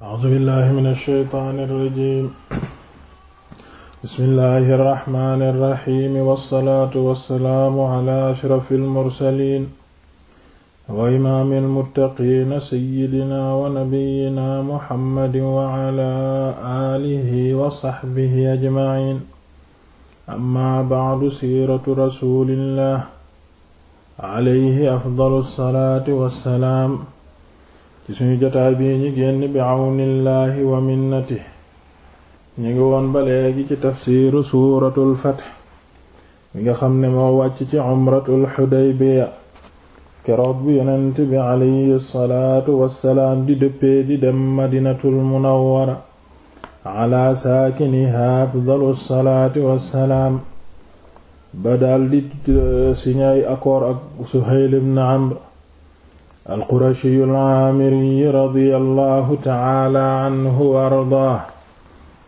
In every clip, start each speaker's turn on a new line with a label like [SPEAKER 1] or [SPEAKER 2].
[SPEAKER 1] A'uuzu billaahi mina shaytaani rajiim. Bismillaahi rahmaani rahiim. Wassalaatu wassalaamu alaa ashrafil mursaliin. Wa imaamil muttaqiin sayyidinaa wa nabiyyinaa Muhammadin wa alaa aalihi wa sahbihi ajmaciin. Ammaa ba'du, siiratu rasuulillaah alayhi afdalu salaati wa salaam. ci suñu jotaay bi ñi génn wa minnati ñu ngi woon ba léegi ci tafsiiru suuratul fath bi nga xam ne moo wàcc ci umratul xudaybiya keroog bi yonent bi alayhi di dëppee di dem madinatul munawwara ala saakiniha afdalu salaati wassalaam ba daldi eh, signé ay ak Suhayl ibn Amr alqurashiyu alaamiri radiyallahu taala anhu ardaah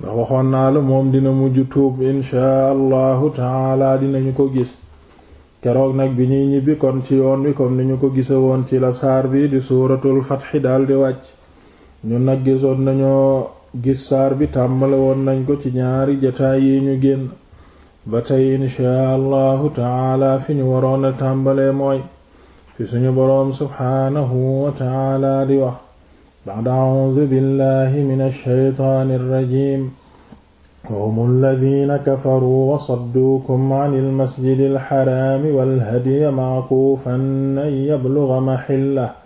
[SPEAKER 1] ndax waxoon naa la moom dina mujj tuub inchaa allahu taala dinañu ko gis keroog nag bi ñuy ñibbi kon ci yoon wi comme ni ñu ko gisa woon ci la saar bi di suuratul fatxi di wàcc ñu nag gisoon nañoo gis saar bi tàmbale woon nañ ko ci ñaari jataay yi ñu génn ba tey inchaa allahu taala fi ñu waroon a tàmbale mooy fi suñu boroom subxaanahu wa taala di wax ba'da a'uudu billahi mina shaytaani rajiim humu alladiina kafaruu wa sadduukum anil masjidil xaraami wal hadya ma'kuufan an yablugha maxillahu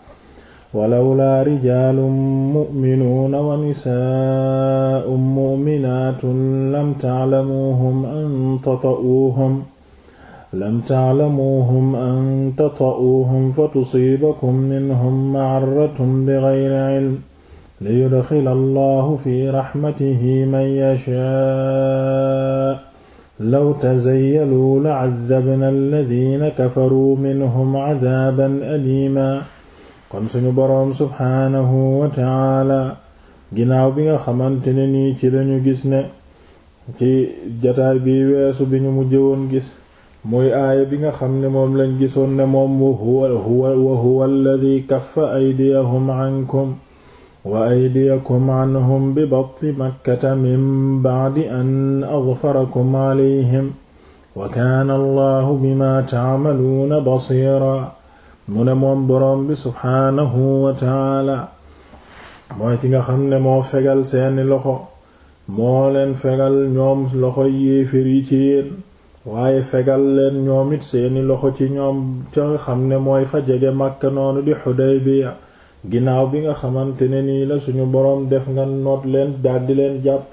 [SPEAKER 1] walawlaa rijaalun mu'minuuna wa nisaa'un mu'minaatun lam ta'lamuuhum an tata'uuhum lam ta'lamuuhum an tata'uuhum fa tusiibakum minhum ma'arratun bighayri ilm liyudxila allahu fi raxmatihi man yashaa law tazayyaluu la'azzabna alladina kafaruu minhum cadaaban aliima kon suñu boroom subxaanahu wa tacaala ginnaaw bi nga xamante ne nii ci lañu gis ne ci jataay bi weesu bi ñu mujjëwoon gis muy aaya bi nga xam ne moom lañ gisoon ne moom wa huwa wa huwa alladhi kaffa aydiyahum ankum wa aydiyakum anhum bi batti makkata min ba'di an adfarakum alayhim wa kaana allahu bima ta'maluuna ne moom boroom bi subhaanahu wa taala mooy ki nga xam ne moo fegal seeni loxo moo leen waaye fegal leen ñoom it seeni loxo ci ñoom ca xam ne mooy fa jege Makka noonu di Xudaybiya ginnaaw bi nga xamante ne nii la suñu boroom def nga noot leen daldi leen jàpp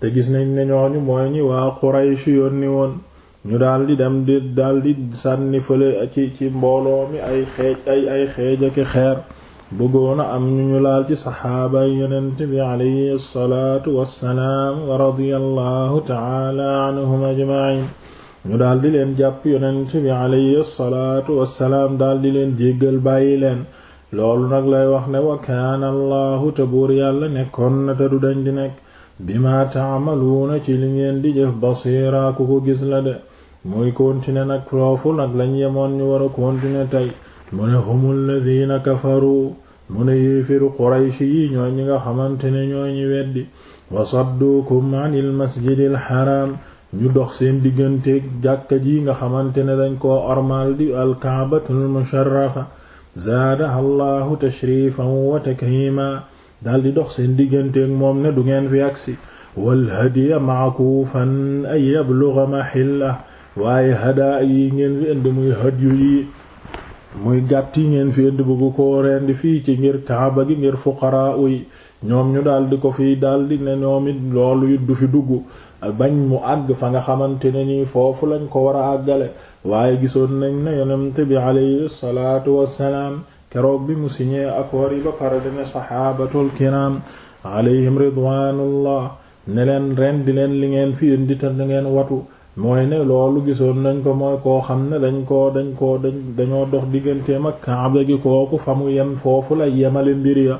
[SPEAKER 1] te gis nañ ne ñooñu mooy ñi waa Quraysh ni woon ñu daldi dem di daldi sànni fële ci ci mbooloo mi ay xeej ay ay xeej ak xeer bëggoona am ñu ñu laal ci saxaaba yonent bi alayhi salaatu wassalaam wa radiyallahu ta'ala anhum ajma'in ñu daldi leen jàpp yonent bi alayhi salaatu wassalaam daldi leen jéggal bàyyi leen loolu nag lay wax ne wa kaana allahu yàlla nekkoon na te du dañ nekk bima taamaluuna ci li ngeen di jëf basiira ku ko gis la de muy continuer nag foofu nag lañ yemoon ñu war a continuer tey mu ne humul ladina kafaru ne yéefiru qurayshi yi ñooy ñi nga xamante ne ñooy ñi weddi wa sadduukum anil masjidil ñu dox seen digganteeg jàkka ji nga xamante ne dañ koo ormal di alkaabatul musharrafa zaadaha allahu tashrifan wa takrima dal di dox seen digganteeg moom ne du ngeen fi agsi walhadiya maakuufan ay yablugha mahilla waaye hadaa yi ngeen fi indi muy hadyu yi muy gàtt yi ngeen fi indi bëgg koo rendi fii ci ngir kaaba gi ngir fuqaraa yi ñoom ñu daldi ko fiy daal di ne ñoom it loolu it du fi dugg bañ mu àgg fa nga xamante ne nii foofu lañ ko war a àggale waaye gisoon nañ ne yonent bi alayhi salaatu wassalaam keroog bi mu signé accord yi ba pare dina saxaabatul kiram alayhim ridwaanullah ne leen ren di leen li ngeen fi indi te ngeen watu mooy ne loolu gisoon nañ ko mooy koo xam ne dañ koo dañ koo dañ dañoo dox digganteem ak Kaaba gi kooku fa mu yem foofu la yemale mbir ya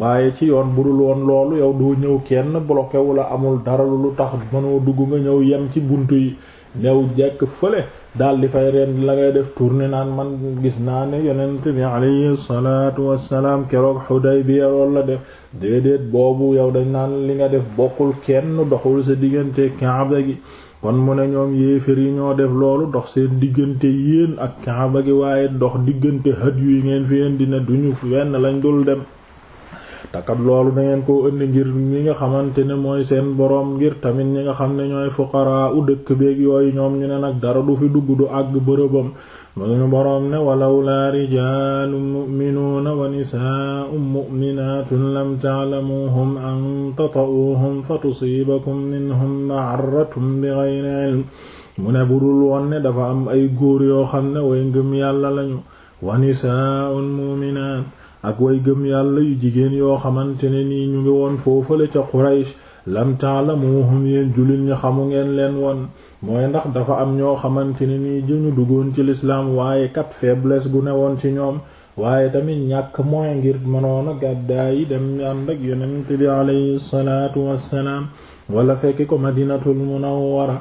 [SPEAKER 1] waaye ci yoon bu dul woon loolu yow doo ñëw kenn bloqué wu la amul dara lu tax mënoo dugg nga ñëw yem ci buntu yi new jekk fële daal di fay reen la ngay def tourné naan man gis naa ne yonent bi alayhi salaatu wassalaam keroog Hudaybiya loolu la def déedéet boobu yow dañ naan li nga def bokkul kenn doxul sa diggante Kaaba gi kon mu ne ñoom yéefér yi ñoo def loolu dox seen diggante yéen ak Kaaba gi waaye dox diggante hët yu ngeen fi indi ne duñu wenn lañ dul dem takat loolu dangeen koo indi ngir ñi nga xamante ne mooy seen boroom ngir tamit ñi nga xam ne ñooy fuqaraa u dëkk beeg yooyu ñoom ñu ne nag dara du fi dugg du àgg bërëbam mënuñu boroom ne walawlaa rijaalun mu'minuuna wa nisaa'un mu'minaatun lam ta'lamuuhum an tata'uuhum fa tusiibakum minhum ma'arratun bighayri ilm mu ne bu dul woon dafa am ay góor yoo xam ne way ngëm yàlla lañu wa nisaa'un mu'minaat ak way gëm yàlla yu jigéen yoo xamante ne nii ñu ngi woon foofale ca Quraysh lam ta'lamuhum yéen jullit ñi xamu ngeen leen woon mooy ndax dafa am ñoo xamante ne nii ñu duggoon ci lislaam waaye kat faiblesse gu ne woon ci ñoom waaye tamit ñàkk mooy ngir mënoon a gàddaa yi dem ànd ak yonent bi alayhi salaatu wassalaam wala fekki ko madinatul munawwara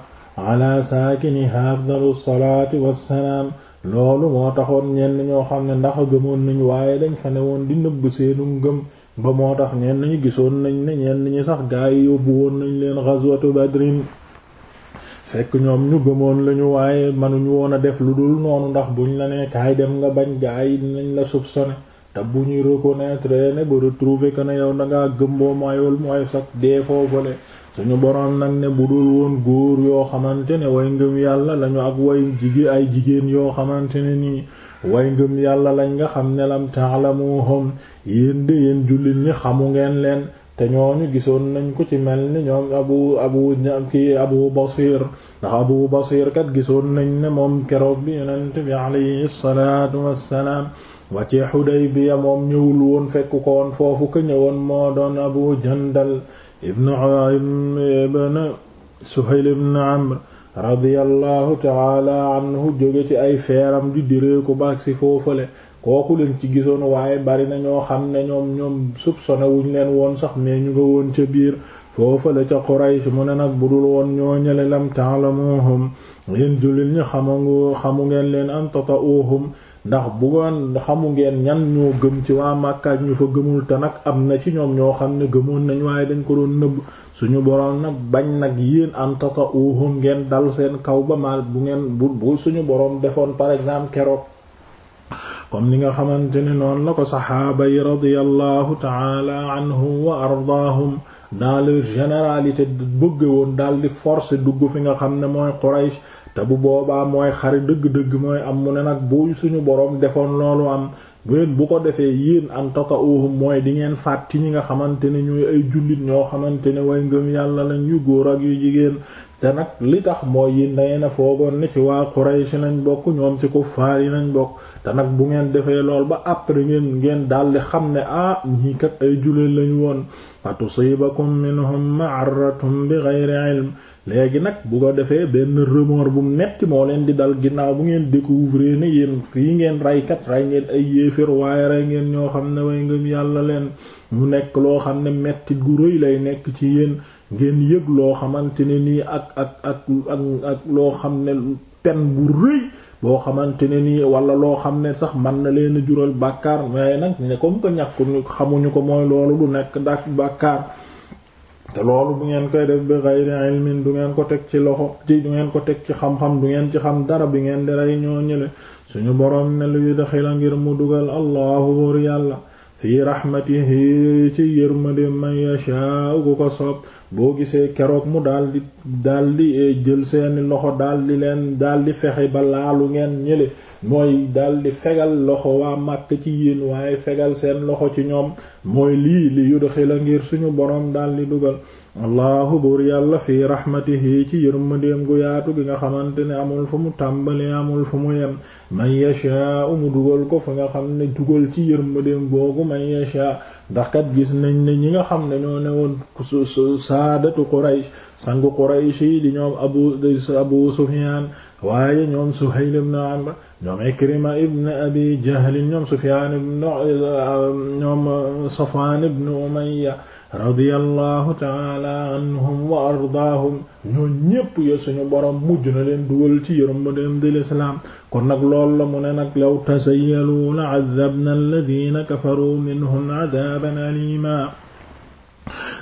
[SPEAKER 1] ala saakinihaa afdalu salaati wassalaam loolu moo taxoon ñenn ñoo xam ne ndax gëmoon nañu waaye dañ fa ne woon di nëbb seenu gëm ba moo tax ñenn ñi gisoon nañ ne ñenn ñi sax gaa yi yóbbu woon nañ leen ghazwatu badrin fekk ñoom ñu gëmoon lañu waaye mënuñu woon a def lu dul noonu ndax buñ la nee kaay dem nga bañ gaa yi dinañ la soupçonné te bu ñuy reconnaître ne ba retrouver ko ne yow dangaa gëm boo mayul mooy sax dee foofale ñu boroom nag ne bu dul woon góor yoo xamante ne way ngëm yàlla lañu ak way jigéen ay jigéen yoo xamante ne nii way ngëm yàlla lañ nga xam ne lam ta'lamuhum yéen de yéen jullit ñi xamu ngeen leen te ñooñu gisoon nañ ko ci mel ni ñoom abu abu ki abu basir ndax abu basir kat gisoon nañ ne moom keroog bi yonent bi alayhi salaatu wassalaam wàcce Xudaybiya moom ñëwul woon fekk ko woon foofu ko ñëwoon moo doon abu jandal ibn ibn ibn amr radiyallahu taala anhu jóge ci ay feeram di diree ba baag si foofale kooku leen ci gisoon waaye bari na ñoo xam ne ñoom ñoom soupçonné wuñ leen woon sax mais ñu nga woon ca biir foofa la ca Quraysh mu ne nag bu budul woon ñoo ñële lam ta'lamuhum yéen jullit ñi xamangu xamu ngeen leen an tata'uhum ndax buggoon xamu ngeen ñan ñoo gëm ci waa Màkka ñu fa gëmul te nag am na ci ñoom ñoo xam ne gëmoon nañ waaye dañ ko doon nëbb suñu boroom nag bañ nag yéen an tata'uhum ngeen dal seen kaw ba maal bu ngeen bu suñu boroom defoon par exemple keroog comme ni nga xamante ne noonu la ko saxaaba yi radiyallahu taala anhum wa ardaahum naa leur généralité bëgg woon daal di forcer dugg fi nga xam ne mooy Quraysh te bu boobaa mooy xare dëgg-dëgg mooy am mu ne nag bu suñu boroom defoon loolu am ngeen bu ko defee yéen an tata'uhum mooy di ngeen faat ci ñi nga xamante ne ñooy ay jullit ñoo xamante ne way ngëm yàlla lañ yu góor ak yu jigéen te nag li tax mooy yi dangeen a foogoon ne ci waa Quraysh nañ bokk ñoom ci kuffaar yi nañ bokk te nag bu ngeen defee lool ba après ngeen ngeen daldi xam ne ah ñii kat ay jullit lañu woon fa tusibakum minhum ma'arratun bighayri ilm léegi nag bu ko defee benn remords bu metti moo leen di dal ginnaaw bu ngeen découvrir ni yéen fii ngeen raykat ray ngeen ay yéefér waaye rey ngeen ñoo xam ne way ngëm yàlla leen mu nekk loo xam ne mettit gu rëy lay nekk ci yéen ngeen yëg loo xamante ne nii ak ak ak ak ak loo xam ne pen bu rëy boo xamante ne nii walla loo xam ne sax man na leen jural bàkkaar waaye nag ne comme que ñàkk ñu xamuñu ko mooy loolu du nekk dak bàkkaar te loolu bu ngeen koy def bi ghayri ilmin du ngeen ko teg ci loxo ci du ngeen ko teg ci xam-xam du ngeen ci xam dara bi ngeen di rey ñoo ñële suñu boroom ne lu yu daxila ngir mu dugal allahu wóor yàlla fii raxmatihi ci yërmande man yashaa'u ku ko soob boo gisee keroog mu daldi daldi eh, jël seeni loxo daldi leen daldi fexe ba laalu ngeen ñële mooy daldi fegal loxo waa màkk ci yéen waaye fegal seen loxo ci ñoom mooy lii li la ngir suñu boroom daldi dugal allahu buur yàlla fii raxmatihi ci yërmandeem gu yaatu gi nga xamante ne amul fu mu tàmbali amul fu mu yem man yashaa mu dugal ko fa nga xam ne dugal ci yërmandeem boobu man yashaa ndax kat gis nañ ne ñi nga xam ne ñoo ne woon saadatu quraysh sangu quraysh yi di ñoom abu abu sufyaan waaye ñoom suhayl ibn amr ñoom ikrima ibn abi jahl ñoom sufyaan ibn eh, ñoom safwaan ibn umayya radiyallahu taala anhum wa ardaahum ñoo ñépp ya suñu borom mujj na leen dugal ci yërmandeem di lislaam kon nag loolu la mu ne nag law tasayyalu la adabna alladina kafaru minhum adaban alima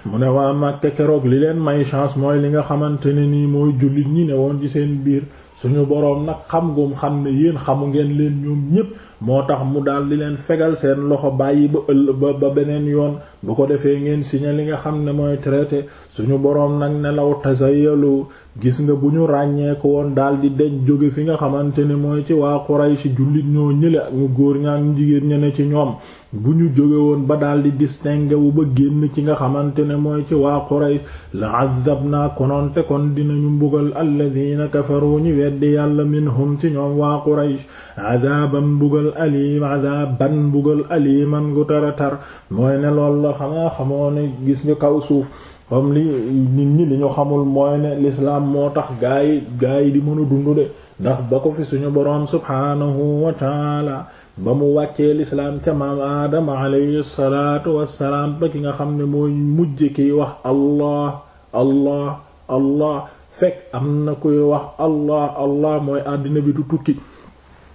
[SPEAKER 1] mu ne waa Màkka keroog li leen may chance mooy li nga xamante ne nii mooy jullit ñi ne woon ci seen biir suñu boroom nag xam ngum xam ne yéen xamu ngeen leen ñoom ñépp moo tax mu daal di leen fegal seen loxo bàyyi ba ëll ba ba beneen yoon bu ko defee ngeen signé li nga xam ne mooy traité suñu boroom nag ne law tasayalu gis nga bu ñu ràññee ko woon daldi deñ jóge fi nga xamante ne mooy ci waa Quraysh jullit ñoo ñële ak ñu góor ñaa ñu jigéen ña ne ci ñoom bu ñu jóge woon ba daldi distingué wu ba génn ci nga xamante ne mooy ci waa Quraysh la azabna kononte kon dinañu mbugal alladina kafaru ñi weddi yàlla minhum ci ñoom waa Quraysh adaban mbugal alim adaban mbugal aliman gu taratar mooy ne loolu la xamaa xamoo ne gis nga kaw suuf comme li nit ñi li ñu xamul mooy ne l'islam moo tax gaa yi gaa yi di mën a dund de ndax ba ko fi suñu boroom subhaanahu wa taala ba mu wàccee lislaam ca maam aadama alayhi salaatu wassalaam ba ki nga xam ne mooy mujj kiy wax allah allah allah fekk am na kuy wax allah allah mooy àddina bi du tukki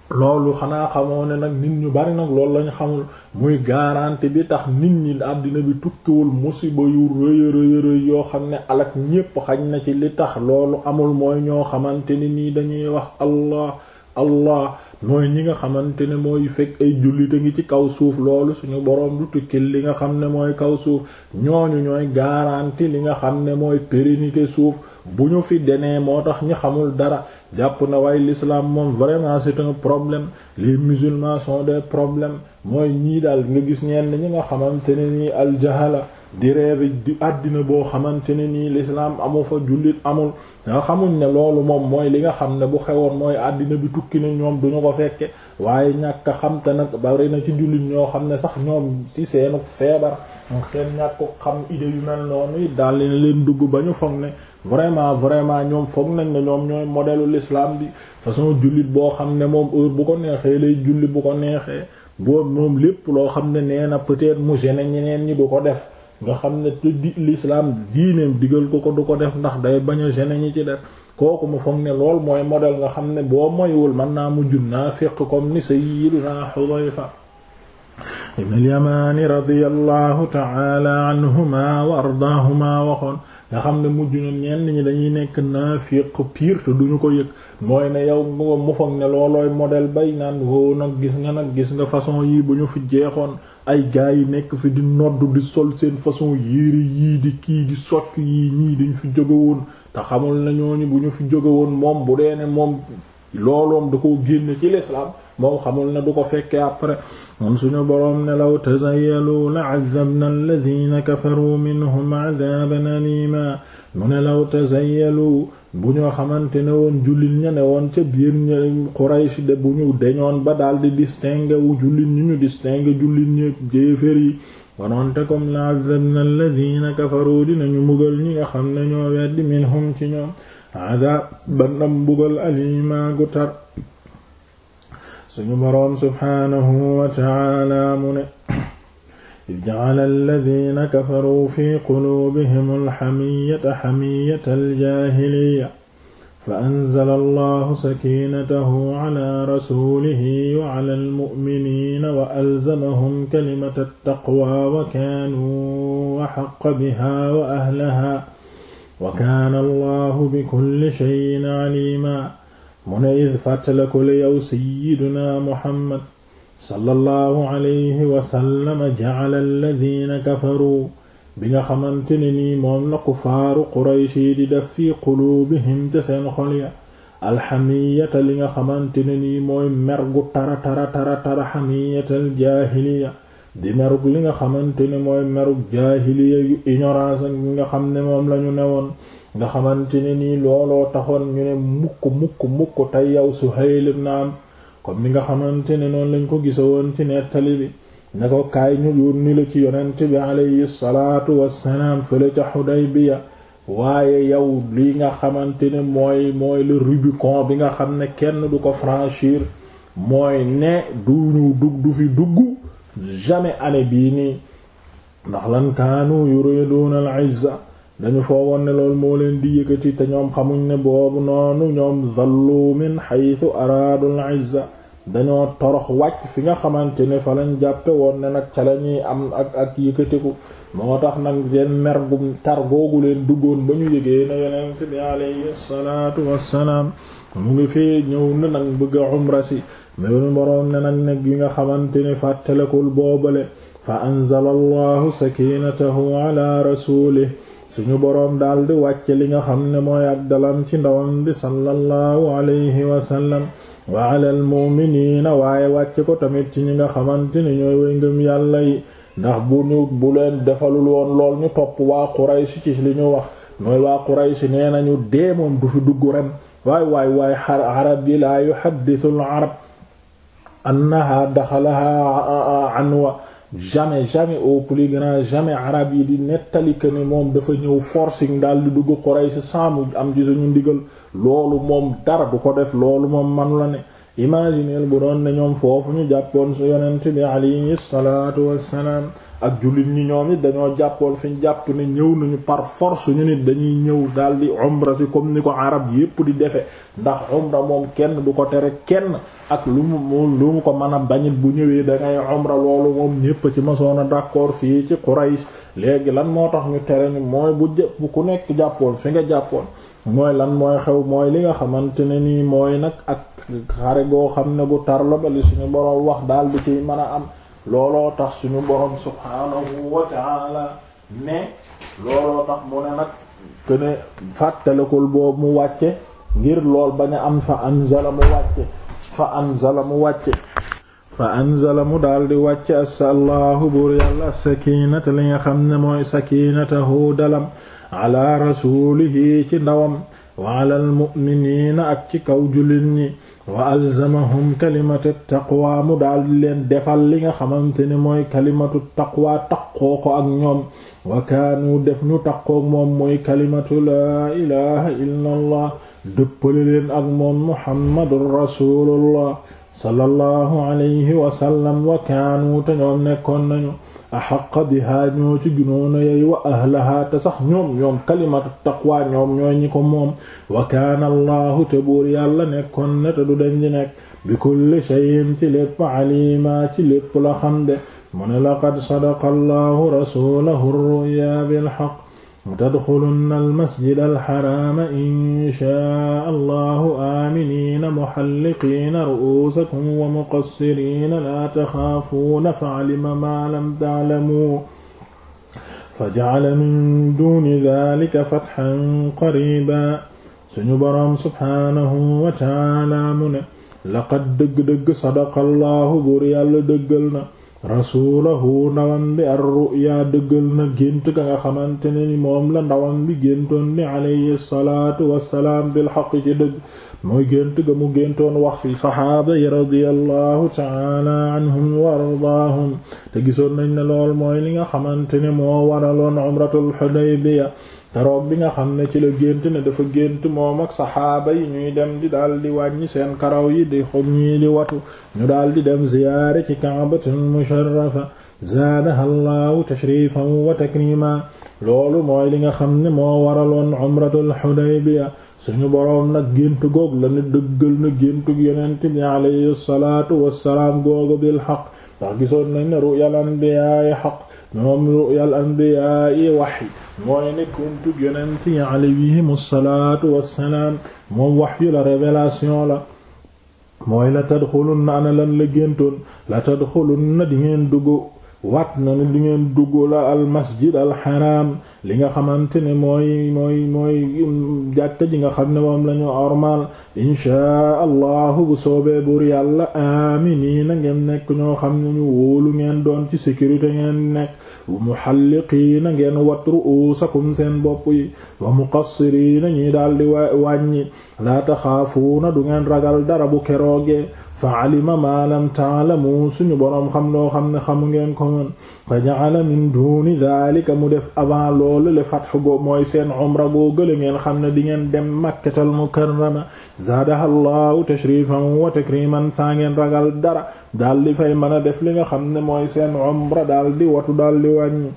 [SPEAKER 1] loolu xanaa xamoo ne nag nit ñu bari nag loolu lañu xamul muy garantie bi tax nit ñi àddina bi tukkiwul musiba yu rëy rëy rëy yoo xam ne alak ñépp xañ na ci li tax loolu amul mooy ñoo xamante ni nii dañuy wax allah allah mooy ñi nga xamante ne mooy fekk ay jullit a ngi ci kaw suuf loolu suñu boroom du tukkil li nga xam ne mooy kaw suuf ñooñu ñooy garantie li nga xam ne mooy pérennité suuf bu ñu fi denee moo tax ñu xamul dara jàpp na waaye l'islam moom vraiment c'est un problème les musulmans sont des problèmes mooy ñii daal nga gis ñenn ñi nga xamante ne nii aljahala di reewe di àddina boo xamante ne nii l'islam amu fa jullit amul nga xamuñ ne loolu moom mooy li nga xam ne bu xewoon mooy àddina bi tukki na ñoom duñu ko fekke waaye ñàkk a xam te nag bari na ci jullit ñoo xam ne sax ñoom ci seenu feebar seen ñàkk xam idée yu mel noonu it daal leen dugg ba ñu foog ne vraiment vraiment ñoom foog nañ ne ñoom ñooy modèle l'islam bi façon jullit boo xam ne moom heure bu ko neexee lay jullit bu ko neexee boobu moom lépp loo xam ne nee na peut-être mu gêne ñeneen ñi du ko def nga xam ne te di l'islam diineem digal ko ko du ko def ndax day bañ a gêne ñi ci def kooku mu foog ne lool mooy modèle nga xam ne boo moywul mën naa mu junnaa féq comme ni sayyidina Hudayfa ibn al-Yamani radiyallahu ta'ala anhuma wa ardaahuma waxoon nga xam ne mujj na ñenn ñi dañuy nekk naafiq pire te ñu ko yëg mooy ne yow mu foog ne loolooy modèle bay naan woo nag gis nga nag gis nga façon yii bu ñu fi jeexoon ay gars yi nekk fi di nodd di sol seen façon yére yii di kii di socc yii ñii dañu fi jóge woon te xamul na ni bu ñu fi jóge woon moom bu dee ne moom looloom da ko génne ci l'islam moom xamul na du ko fekkee après moom suñu boroom ne law tazayyalu la azabna alladina kafaru minhum adaban alima mu ne law tazayyalu bu ñoo xamante ne woon jullit ña ne woon ca biir ña Quraysh de bu ñu deñoon ba daal di distinguer wu jullit ñu ñu distinguer jullit ñi jéefér yi konoonte comme la azabna alladina kafaru dinañu mbugal ñoo weddi minhum alima gu suñu boroom subxaanahu wa taala mu ne id jacala alladina kafaruu fi quluubihim alxamiyata xamiyata aljaahiliya fa anzala allahu sakiinatahu cala rasuulihi wa cala almu'miniina wa alzamahum kalimata attaqwa wa kaanuu axaqa biha wa ahlaha wa kaana allahu bikulli shayin caliima mu ne id fàttalekul yow sayyiduna muhammad sallallahu alayhi wa sallam ja'ala alladhina kafaru bi nga xamante ne nii moom la kufaaru quraysh yi di def fi quluubihim te seen xol ya alxamiyata li nga xamante ne nii mooy mergu tara tara tara tara xamiyatal jaahiliya di merug li nga xamante ne mooy merug jaahiliya yu ignorance ak nga xam ne moom lañu newoon nga xamante ne nii looloo taxoon ñu ne mukk mukk mukk tey yow Suhayl ibn Amr kon ni nga xamante ne noonu lañ ko gisa woon ci nettali bi ne ko kaay ñu yónni la ci yonent bi alayhi salaatu wassalaam fële ca Xudaybiya waaye yow li nga xamante ne mooy mooy le Rubicon bi nga xam ne kenn du ko franchir mooy ne du ñu dug du fi dugg jamais année bii nii ndax lan kaanu yuriduna al izza dañu foo ne loolu moo leen di yëkkati te ñoom xamuñ ne boobu noonu ñoom zallu min xaytu araadul izza dañoo torox wàcc fi nga xamante ne fa lañ jàppe woon ne nag ca lañuy am ak ak yëkkatiku moo tax nag seen mer gu tar googu leen duggoon ba ñu yëgee na yonent bi alayhi salaatu wassalaam mu ngi fee ñëw na nag bëgg a umra si munu ne nag neg yi nga xamante ne fàttalekul boobale fa anzala allahu sakinatahu ala rasulih suñu boroom daldi wàcce li nga xam ne mooy ab dalam ci ndawam bi sallallahu alayhi wasallam wa waaye wàcce ko tamit ci ñi nga xamante ne ñooy way ngëm yàlla yi ndax bu ñu bu leen defalul woon lool ñu topp waa Quraysh ci li ñu wax mooy waa Quraysh nee nañu dee moom du fi dugg ren waay waay waay arab yi laa yuhaddithul arab annaha daxalaha anwa jamais jamais au plus grand jamais arab yi di nettali que ne moom dafa ñëw forcing daal di dugg si saamu am ci suñu ndigal loolu moom dara du ko def loolu moom manu la ne imagineel bu doon ne ñoom foofu ñu jàppoon su yonent bi alayhi salaatu wassalaam ak jullit ñi ñoom it dañoo jàppoon fi ñu jàpp ne ñëw nañu par force ñu nit dañuy ñëw daldi umra si comme ni ko arab yépp di defe ndax umra moom kenn du ko tere kenn ak lu mu lu mu ko mën a bañit bu ñëwee dangay umra loolu moom ñépp ci masoon a d'accord fii ci Quraysh léegi lan moo tax ñu tere ni mooy bu jë ku nekk jàppoon fi nga jàppoon mooy lan mooy xew mooy li nga xamante ne nii mooy nag ak xare goo xam ne gu tar la ba li wax daldi ciy man a am looloo tax sunu borom subhaanahu wa ne looloo tax mu ne nag que ne fàttalikul boobu mu wàcce ngir lool bañ a am fa anzala mu wàcce fa anzala mu dal di anzala mu daldi wàcce asallaahu buur li nga xam ne mooy sakiinatahu dalam ala rasuulihi ci ndawam wa ala al ak ci kaw jullit ñi wa alzamahum kalimatu taqwa mu daal di leen defal li nga xamante ne mooy kalimatu taqwa taqoo ak ñoom wa kaanu def ñu taqoog moom mooy kalimatu laa ilaha illa allah dëppale leen ak moom muhammadun rasulullah sallallahu alayhi wa wa kaanu te ñoom nekkoon nañu axaqa bihaa ñoo ci ginoona yey wa ahlahaa te sax ñoom ñoom kalimatu taqwa ñoom ñooy ñi ko moom wa kaana allahu te buur yàlla nekkoon na te du den di nekk bi kulli shay'in ci lépp alimaa ci lépp la xam de mu ne laqad sadaqa allahu rasulahu ar-ru'ya bil haqq tadxulunna almasjida alxaraama inchaa allahu aaminiina muxalliqiina ru'uusakum wa muqassiriina laa taxaafuuna fa'alima maa lam ta'lamuu faja'ala min duuni daalika fatxan qariiba suñu boroom subxaanahu wa ta'aala mu ne laqad dëgg-dëgg sadaqa allahu buur yàlla dëggal na rasuulahu ndawam bi ar-ru'ya dëggal na gént ka nga xamante ne moom la ndawam bi géntoon ni alayhi salaatu wassalaam bil xaq ci dëgg mooy gént ga mu géntoon wax fi saxaaba yi radiyallahu ta'ala anhum wa ardaahum te gisoon nañ ne lool mooy li nga xamante ne moo waraloon keroog bi nga xam ne ci la gént ne dafa gént moom ak saxaaba yi ñuy dem di daal di wàññi seen karaw yi di xog ñii di watu ñu daal di dem ziyaare ci kaabatun musharrafa zaadaha allahu tashrifan wa takrima loolu mooy li nga xam ne moo waraloon umratul xudaybiya suñu boroom nag gént goog la ne dëggal na géntu yonent bi alayhi salaatu wassalaam googu bil xaq ndax gisoon nañ ne ru'yal anbiyaa xaq moom ru'yal anbiyaa yi waxyi mooy ne kuntug yonent yi alayhim salaatu wassalaam moom waxyu la révélation la mooy la tadxulunna ana lan la géntoon la tadxulunna di ngeen dugg wat na ne di ngeen dugg la al masjid al xaraam li nga xamante ne mooy mooy mooy jàkka ji nga xam ne moom la ñu ormal inchaa allahu bu soobee buur yàlla aaminiina ngeen nekk ñoo xam ne ñu wóolu ngeen doon ci sécurité ngeen nekk muhalliqiina ngeen wat ru'uusakum seen bopp yi wa muqassiriina ñi daldi wàññi laa taxaafuuna du ngeen ragal dara bu keroogee fa alima ma lam taalamu suñu boroom xam loo xam ne xamu ngeen ko woon fa ja'ala min duuni mu def avant loolu le fatx goo mooy seen umra goo gële ngeen xam ne di ngeen dem makkatal mukarrama zaadaha allahu tashrifan wa takriman saa ngeen ragal dara daal di fay mën a def li nga xam ne mooy seen umra daal di watu daal di wàññi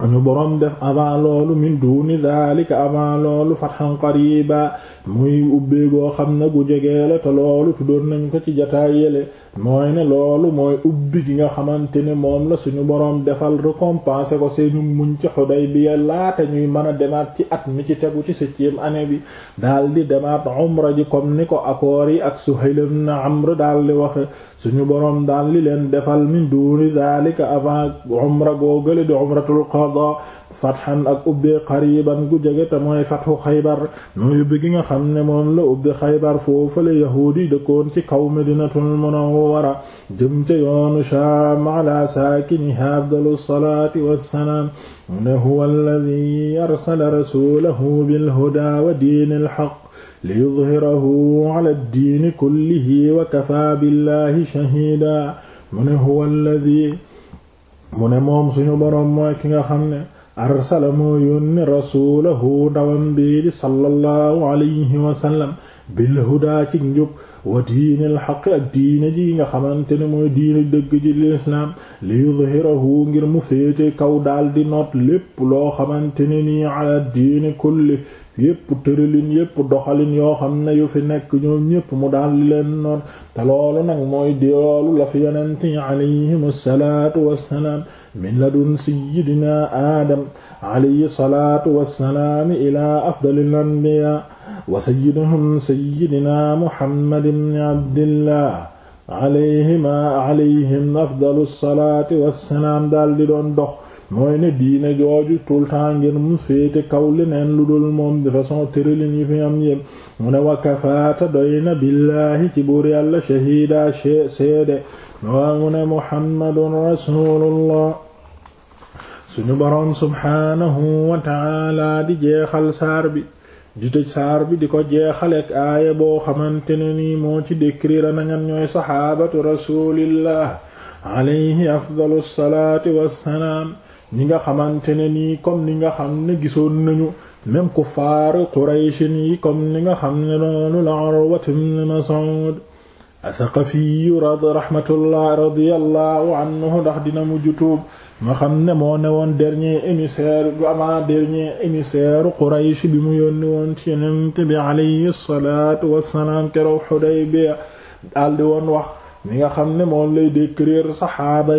[SPEAKER 1] ñu boroom def avant loolu min duni dhalika avant loolu fathan qariba muy ubbeegoo xam ne gu jegee la te loolu tuddoon nañ ko ci jataay yele mooy ne loolu mooy ubbi gi nga xamante ne moom la suñu borom defal récompenser ko seenu muñ ci Xudaybiya laata ñuy mën a demaat ci at mi ci tegu ci septième année bi daal di demaat umra ji comme ni ko accords yi ak Suhayl ibn Amr daal di waxe suñu boroom daal di leen defal min duni dhalika avant umra goo gële di umratul Mu'adha fathan ak ubbee qariban gu jege te mooy fathu Xaybar mooy ubbi gi nga xam ne moom la ubbi Xaybar foofale yahuud yi dëkkoon ci kaw Madinatul Munawwara jëm ca yoonu Shaam ala saakinihaa afdalu salaati wassalaam ne huwa alladhi arsala rasulahu bil hudaa wa diinil haqq liyudhhirahu ala ddiini kullihi wa kafaa billahi shahiidan mu ne huwa alladhi mu ne moom suñu boroom mooy ki nga xam ne arsala moo yónni rasuulahu ndawam bii di sallallahu alayhi wasallam bil hudaa ci njub wa diinil xaq ak diine ji nga xamante ne mooy diine dëgg ji lislaam li yudhirahu ngir mu féete kaw daal di noot lépp loo xamante ne nii ala diine kulli yépp tëralin yépp doxalin yoo xam ne yu fi nekk ñoom ñépp mu daal di leen noon te loolu nag mooy di loolu la fi yonent yi alayhim salaatu wassalaam min ladun sayyidina aadam alayhi salaatu wassalaam ila afdalil anbiya wa sayyidihim sayyidina muhammad ibn abdillah alayhima alayhim afdalu salaati daal di doon dox mooy ne diine jooju tout le temps ngir mu féete kaw leneen lu dul moom de façon tëralin yi fi am yépp mu ne wakafaata doy na billaahi ci buur yàlla shahiida seede waa mu ne muhammadun rasulullah suñu boroom subhaanahu wa di jeexal saar bi di tëj saar bi di ko jeexaleek boo xamante ne moo ci décrire nañan ñooy saxaabatu rasulillah alayhi afdalu salaatu wassalaam ñi nga xamante ne nii comme ni nga xam ne gisoon nañu même kufaar qurayshin yi comme ni nga xam ne noonu la Urwat ibn Mas'ud asaqafiyu rad rahmatullah radiyallahu anhu ndax dina mujj tuub nga xam ne moo ne woon dernier émissaire bu avant dernier émissaire Quraysh bi mu yónni woon ci Yonent bi alayhi salaatu wassalaam keroog Hudaybiya daldi woon wax ni nga xam ne moom lay décrire saxaaba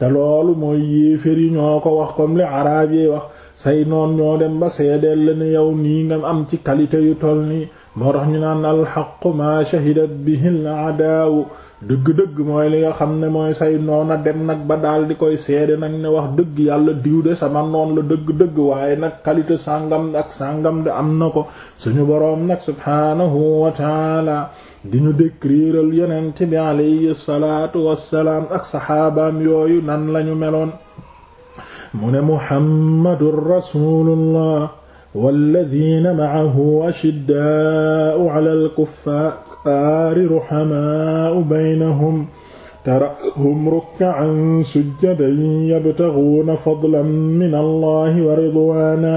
[SPEAKER 1] te loolu mooy yéefér yi ñoo ko wax comme li araab yi wax say noon ñoo dem ba seedeel la ne yow nii nga am ci qualité yu toll nii moo tax ñu naan alxaqu ma shahidat bihil adaawu dëgg-dëgg mooy li nga xam ne mooy say noon a dem nag ba daal di koy seede nag ne wax dëgg yàlla diw de sama noon la dëgg-dëgg waaye nag qualité sàngam ak sàngam de am na ko suñu boroom nag subhaanahu wa di ñu décriiral yonent bi alayhi salaatu wassalaam ak saxaabaam yooyu nan lañu meloon mu ne muhammadun rasulullah walladina macahu ashiddaau cala alkuffaari ruxamaau baynahum tarahum rukkacan sujjadan yabtaguuna fadlan min allahi wa ridwaana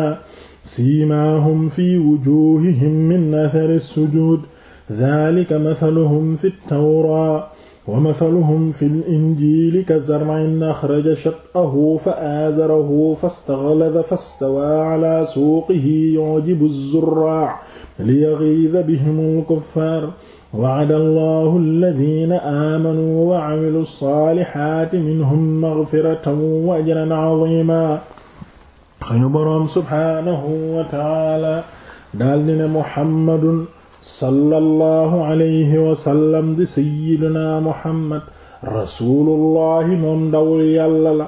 [SPEAKER 1] siimaahum fi wujuhihim min athari sujud dhalika mathaluhum fi tawra wa mathaluhum fi linjili ka zar'in axraja shat'ahu fa aazarahu fastaxlada fastawaa ala suuqihi yu'jibu az-zurraa'a liyaghiiza bihim al-kuffaar wa'ada allahu alladhiina aamanuu wa 'amilu as-saalihaati minhum maghfiratan wa ajran 'aziiman xañu boroom subhaanahu wa ta'aala daal dina muhammadun sallallahu alayhi wasallam di sayyidina muhammad rasuulullahi moom ndawul yàlla la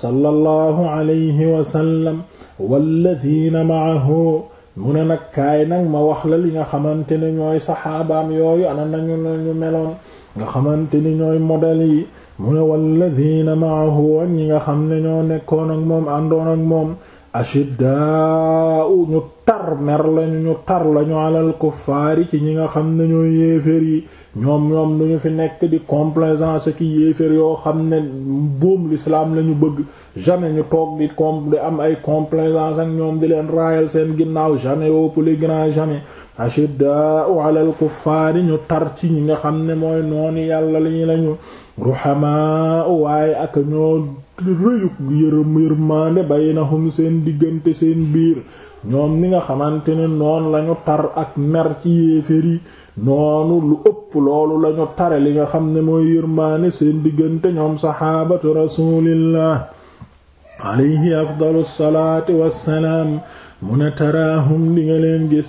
[SPEAKER 1] sallallahu alayhi wasallam walladina maahu mu ne nag kaay nag ma wax la li nga xamante ne ñooy saxaabaam yooyu ana nañu nañu meloon nga xamante ni ñooy model yi mu ne walladina maahu ñi nga xam ne ñoo nekkoon ak moom àndoon ak moom ashiddaa'u ñu tar mer lañu ñu tar lañu alal kuffaari ci ñi nga xam ne ñooy yéeféer yi ñoom ñoom lu ñu fi nekk di complaisance ki yéeféer yoo xam ne boom l'islam lañu bëgg jamais ñu toog di com di am ay complaisance ak ñoom di leen raayal seen ginnaaw jamais au plus grand jamais ashiddaa'u alal kuffaari ñu tar ci ñi nga xam ne mooy noonu yàlla lañu lañu ruhamaa waaye ak ñoo rëyuk yërëm yërmaande baynahum seen diggante seen biir ñoom ni nga xamante ne noonu lañu tar ak mer ci yéeféer yi noonu lu ëpp loolu lañu tare li nga xam ne mooy yërmaande seen diggante ñoom saxaabatu rasulillah alayhi afdalu salaati wassalaam mu ne taraahum dinga leen gis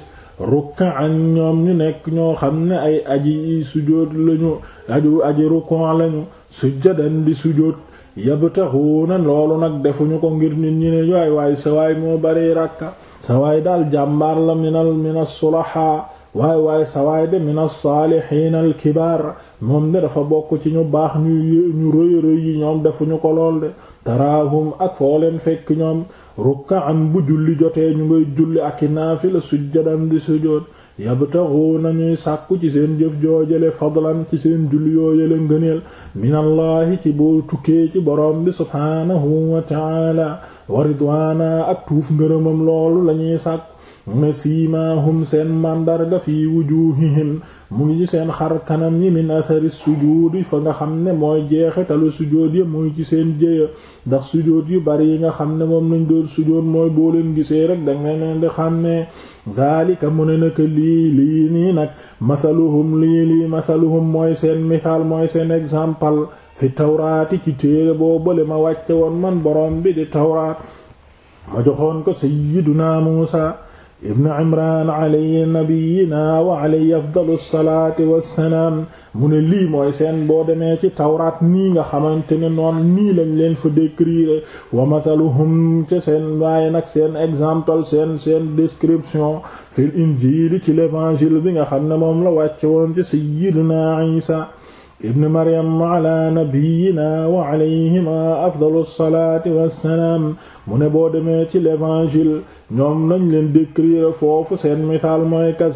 [SPEAKER 1] rukkaan ñoom ñu nekk ñoo xam ne ay aji sujóot lañu aju aji rukkaan lañu sujjadan di sujóot yabtaxuuna loolu nag defuñu ko ngir nit ñi ne waay waay sa waay bari rakka sa waay daal jàmbaar la minal mina sulaha waay waay sa waay de mina saalihiina al kibaar moom de dafa bokk ci ñu baax ñu ñu rëy rëy yi ñoom defuñu ko lool de taraahum ak foo leen fekk ñoom rukkaan bu julli jotee ñu ngay julli ak i naafila sujjadan di sujjóot yabtaxuuna ñuy sàkku ci seen jëf joojale fadlan ci seen julli yooyale ngëneel minallaahi ci boo tukkee ci boroom bi subhaanahu wa taala wa ridwaana ak tuuf ngërëmam loolu lañuy sàkku mu ne siimaahum seen màndarga fi fii wujuuhihim mu ngi ci seen xar kanam yi min athari sujuudi fa nga xam ne mooy jeexitalu sujood ya mu ngi ci seen jëya ndax sujood yi bari yi nga xam ne moom lañ door sujood mooy boo leen gisee rek danga leen di xam ne daalika mu ne naka lii lii nii nag masaluhum lii lii masaluhum mooy seen misaal mooy seen exemple fi tawraati ci téere boo bële ma wàcce woon man borom bi di tawraat ma joxoon ko sayyiduna Muusa ibn imran alayhi nabiyina wa alayhi afdalu salaati wassalaam mu ne lii mooy seen boo demee ci tawraat nii nga xamante ne noon nii lañ leen fu décrire wa mathaluhum ca seen waaye nag seen exemple seen seen description fil injil ci l'évangile bi nga xam ne moom la wàcce woon ci sayyidina Isa ibn maryam ala nabiyina wa alayhima afdalu salaati wassalaam mu ne boo demee ci l'évangile ñoom nañ leen décrire foofu seen misaal mooy ka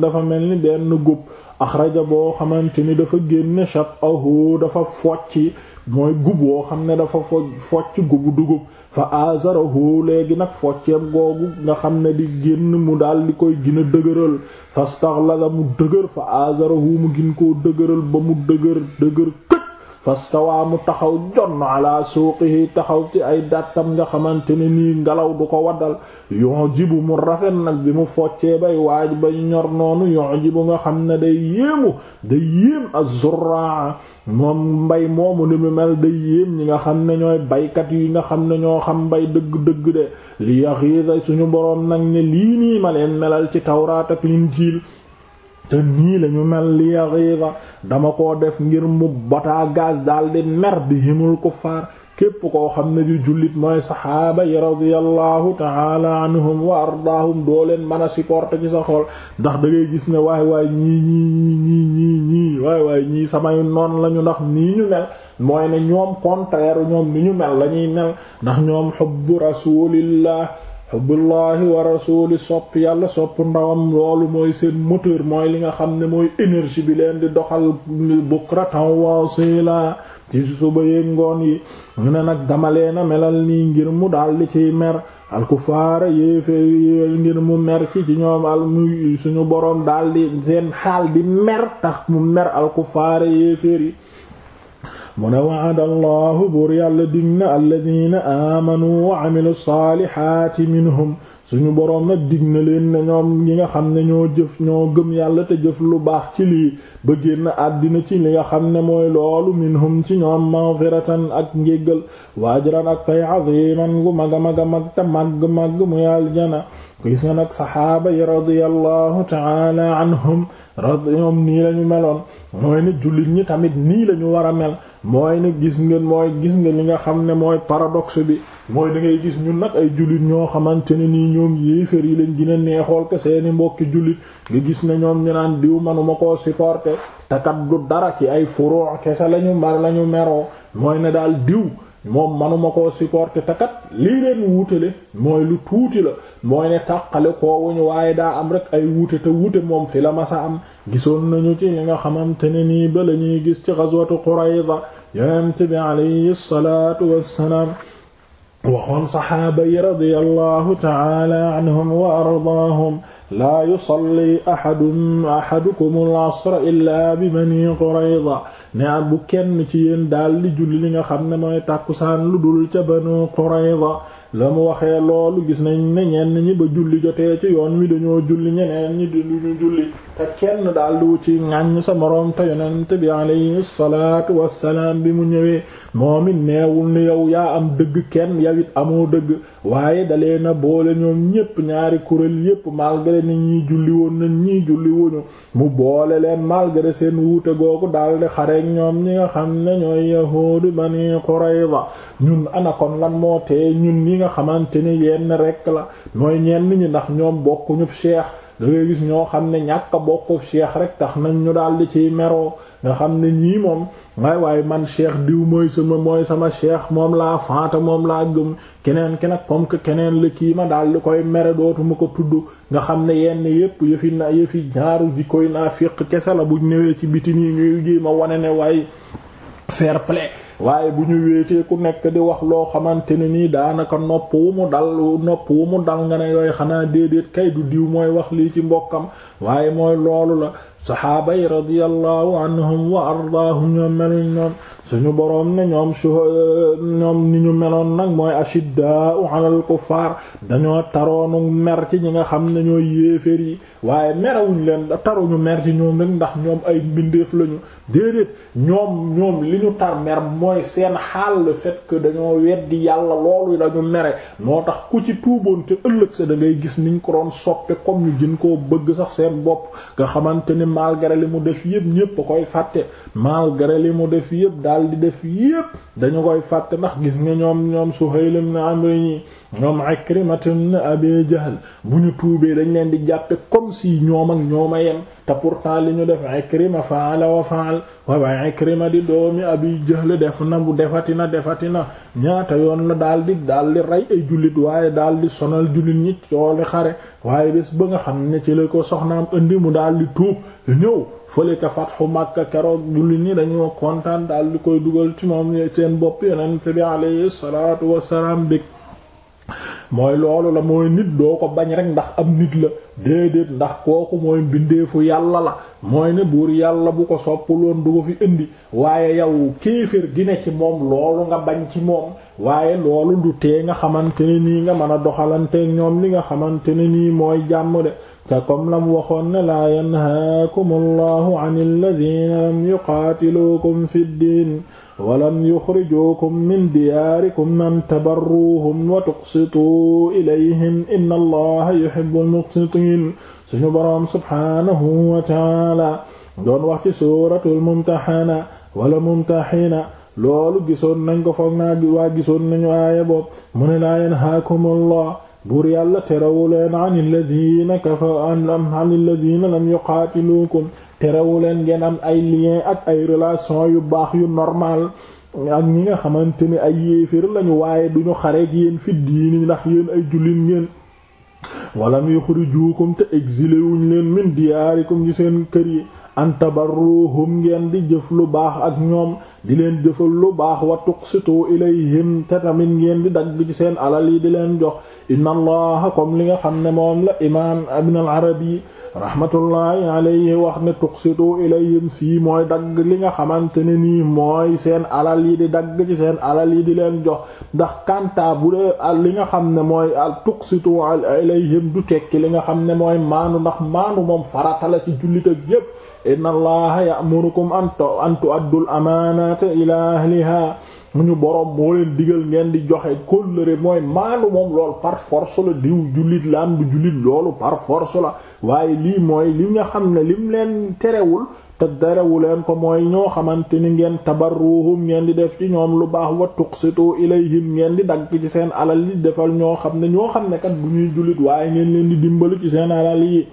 [SPEAKER 1] dafa mel ni benn gub axraja boo xamante ni dafa génne shaqahu dafa focci mooy gub woo xam ne dafa fo focc gubu dugub fa azarahu léegi nag focceem googu nga xam ne di génn mu daal di koy gën a dëgëral fastaxlada mu dëgër fa azarahu mu gin koo dëgëral ba mu dëgër dëgër këj fastawaa mu taxaw jonn ala suuqihi taxaw ci ay dàttam nga xamante ne nii ngelaw du ko waddal yujibu mu rafet nag bi mu foccee bay waaj bay ñor noonu yujibu nga xam ne day yéemu day yéem az moom mbay moomu ni mu mel day yéem ñi nga xam ne ñooy baykat yi nga xam ne ñoo xam mbay dëgg-dëgg de li yaxiisa suñu boroom nag ne lii nii ma leen melal ci tawraat ak linjiil te nii lañu mel li dama ko def ngir mu bataa gaz daldi mer di himul kuffaar képp ko xam ne di jullit mooy saxaaba yi radiyallahu taala anhum wa ardaahum doo leen mën a supporter ci sa xool ndax dangay gis ne waay waay ñii ñii ñii ñii ñii waay ñii samay noon lañu ndax nii ñu mel mooy ne ñoom contraire ñoom ni ñu mel lañuy mel ndax ñoom xubbu rasulillah xubbullaahi wa rasuuli sopp yàlla sopp ndawam loolu mooy seen moteur mooy li nga xam ne mooy énergie bi leen di doxal bukratan wasila ci suba yeeg ngoon yi mu ne nag dama leena melal nii ngir mu daldi ciy mer alkufaara yéefe ngir mu mer ci ci ñoom al muy suñu boroom daldi seen xaal di mer tax mu mer alkufaara yéeféer yi mu a wa'ada allahu buur yàlla dig na alladina aamanu wa amilu saalihaati minhum suñu boroom nag dig na leen ne ñoom ñi nga xam ne ñoo jëf ñoo gëm yàlla te jëf lu baax ci lii ba génn àddina ci li nga xam ne mooy loolu minhum ci ñoom maghfiratan ak njéggal waajran ak pay aziman gu mag a mag a mag te màgg-màgg mu yàll jana gis nga nag saxaaba yi radiyallahu taala anhum rad ñoom nii lañu meloon mooy ne jullit ñi tamit nii lañu war a mel mooy ne gis ngeen mooy gis nga li nga xam ne mooy paradoxe bi mooy da gis ñu nag ay jullit ñoo xamante ne nii ñoom yéefér yi lañ gën a ko seeni mbokki jullit nga gis ne ñoom ñu naan diw manuma ko supporter te kat du dara ci ay furoo kese lañu mar lañu meroo mooy ne daal diw moom manuma koo supporter takat lii leen wuutale mooy lu tuuti la mooy ne tàqale koo wuñu waaye daa am rek ay wuute te wuute moom fi la masa am gisoon nañu ci li nga xamante ne nii bala la ñuy gis ci ghazwatu Qurayza yonent bi alayhi salaatu wassalaam waxoon saxaaba yi radiyallahu ta'ala anhum wa ardaahum laa a ahadum ahadukum al-asra illaa bi bani qurayza ne at bu kenn ci yéen daal di julli li nga xam ne mooy tàkkusaan lu dul ca banu qurayza la mu waxee loolu gis nañ ne ñenn ñi ba julli jotee ci yoon wi dañoo julli ñeneen ñi di ñu julli te kenn daal du ci ŋàññ sa moroom te yonent bi alayhi salaatu wassalaam bi mu ñëwee moom it neewul ne yow yaa am dëgg kenn yow it amoo dëgg waaye dalee na boole ñoom ñépp ñaari kuréel yépp malgré ni ñii julli woon nañ ñii julli wuñu mu boole leen malgré seen wuute googu daldi xareek ñoom ñi nga xam ne ñooy yahuudu bani Qurayza ñun ana kon lan moo tee ñun ñi nga xamante ni yenn rekk la mooy ñenn ñi ndax ñoom bokkuñu cheikh da gis ñoo xam ne ñàkk a bokk cheikh rek tax nañ ñu daal di ciy meroo nga xam ne ñii moom waaye waaye man cheikh diw mooy sama mooy sama cheikh moom laa faata moom laa gëm keneen ki nag comme que keneen la kii ma daal di koy mere dootuma ko tudd nga xam ne yenn yépp yëfi na yëfi jaaru ji koy naa féq kese la bu ñëwee ci biti nii ñuy jéem a wane ne waay fair play waaye bu ñu wéetee ku nekk di wax loo xamante ne nii daanaka nopp wu mu dal nopp wu mu dal nga ne yooyu xanaa déedéet kay du diw mooy wax lii ci mbokkam waaye mooy loolu la saxaaba yi radiyallahu anhum wa ardaahum ñoom meluñ ñoom suñu boroom ne ñoom ñoom ni ñu meloon nag mooy ashiddaa'u alal kuffaar dañoo taroonu mer ci nga xam ne ñooy yéeféer yi waaye merewuñ leen taruñu mer ci ñoom rek ndax ñoom ay mbindeef lañu déedéet ñoom ñoom li ñu tar mer mooy seen xaal la fait que dañoo weddi yàlla loolu dañu mere moo tax ku ci tuuboon te ëllëg sa da gis niñ ko doon soppe comme ñu gën koo bëgg sax seen seen bopp nga xamante ni malgré li mu def yépp ñépp a koy fàtte malgré li mu def yépp daal di def yépp dañu koy fàtte ndax gis nga ñoom ñoom Suhayl ibn Amr ñi ñoom Ikrimatu ibn Abi Jahl bu ñu tuubee dañ leen di jàppe comme si ñoom ak ñoom a yem te pourtant li ñu def Ikrima faala wa faal waaye Ikrima di doomi Abi Jahl def na bu defati na defati na ñaata yoon la daal di daal di rey ay jullit waaye daal di sonal jullit ñi cooli xare waaye bés ba nga xam ne ci la ko soxnaam indi mu daal di tuub ñëw fële ca fatxu Makka keroog jullit ñi dañoo kontaan daal di koy dugal ci moom seen bopp Yonent bi alayhi salaatu wassalaam bég mooy loolu la mooy nit doo ko bañ rek ndax am nit la déedéet ndax kooku mooy mbindeefu yàlla la mooy ne buur yàlla bu ko soppuloon du ko fi indi waaye yow kéefër gi ne ci moom loolu nga bañ ci moom waaye loolu du tee nga xamante ni nii nga mën a doxalanteeg ñoom li nga xamante ne nii mooy jàmm de te comme lam waxoon ne laa yanhaakum allahu an alladina lam yuqaatilukum fi ddin walam yuxrijuukum min diyaarikum an tabarruuhum wa tuqsituu ilayhim inna allaha yuhibbul muqsitiin suñu boroom subhaanahu wa taala doon wax ci suuratul mumtaxana wala mumtaxina loolu gisoon nañ ko foog naa waa gisoon nañu aaya bopp mu ne laa yanhaakumullah buur yàlla terawuleen an alladina kafa an alladina lam yuqaatiluukum terewu leen ngeen am ay lien ak ay relation yu baax yu normal ak ñi nga xamante ni ay yéeféer lañu waaye duñu xareek yéen fi diini ndax yéen ay jullit ngeen walam yuxrijuukum te exilé wuñ leen min diyaarikum ci seen kër yi antabarruhum ngeen di jëf lu baax ak ñoom di leen jëfal lu baax wa tuqsitu ilayhim te tamit ngeen di dagg ci seen alal yi di leen jox inna allaha comme li nga xam ne moom la imaam ibn al arabi rahmatullahi alayhi wax ne tuqsitu ilayhim fii mooy dagg li nga xamante ne nii mooy seen alal yi di dagg ci seen alal yi di leen jox ndax kanta bu dee li nga xam ne mooy al tuqsitu ilayhim du tekki li nga xam ne mooy maanu ndax maandu moom farata la ci jullit ak yépp inna an tu'addu al ila ahliha mu ñu boroom moo leen digal ngeen di joxe kóllëre mooy maandu moom loolu par force la diw jullit la am jullit loolu par force la waaye lii mooy li nga xam ne lim leen terewul te leen ko mooy ñoo xamante ni ngeen tabarruhum ngeen di def ci ñoom lu baax wa tuqsitu ilayhim ngeen di dagg ci seen alal yi defal ñoo xam ne ñoo xam ne kat bu ñuy jullit waaye ngeen leen di dimbali ci seen alal yi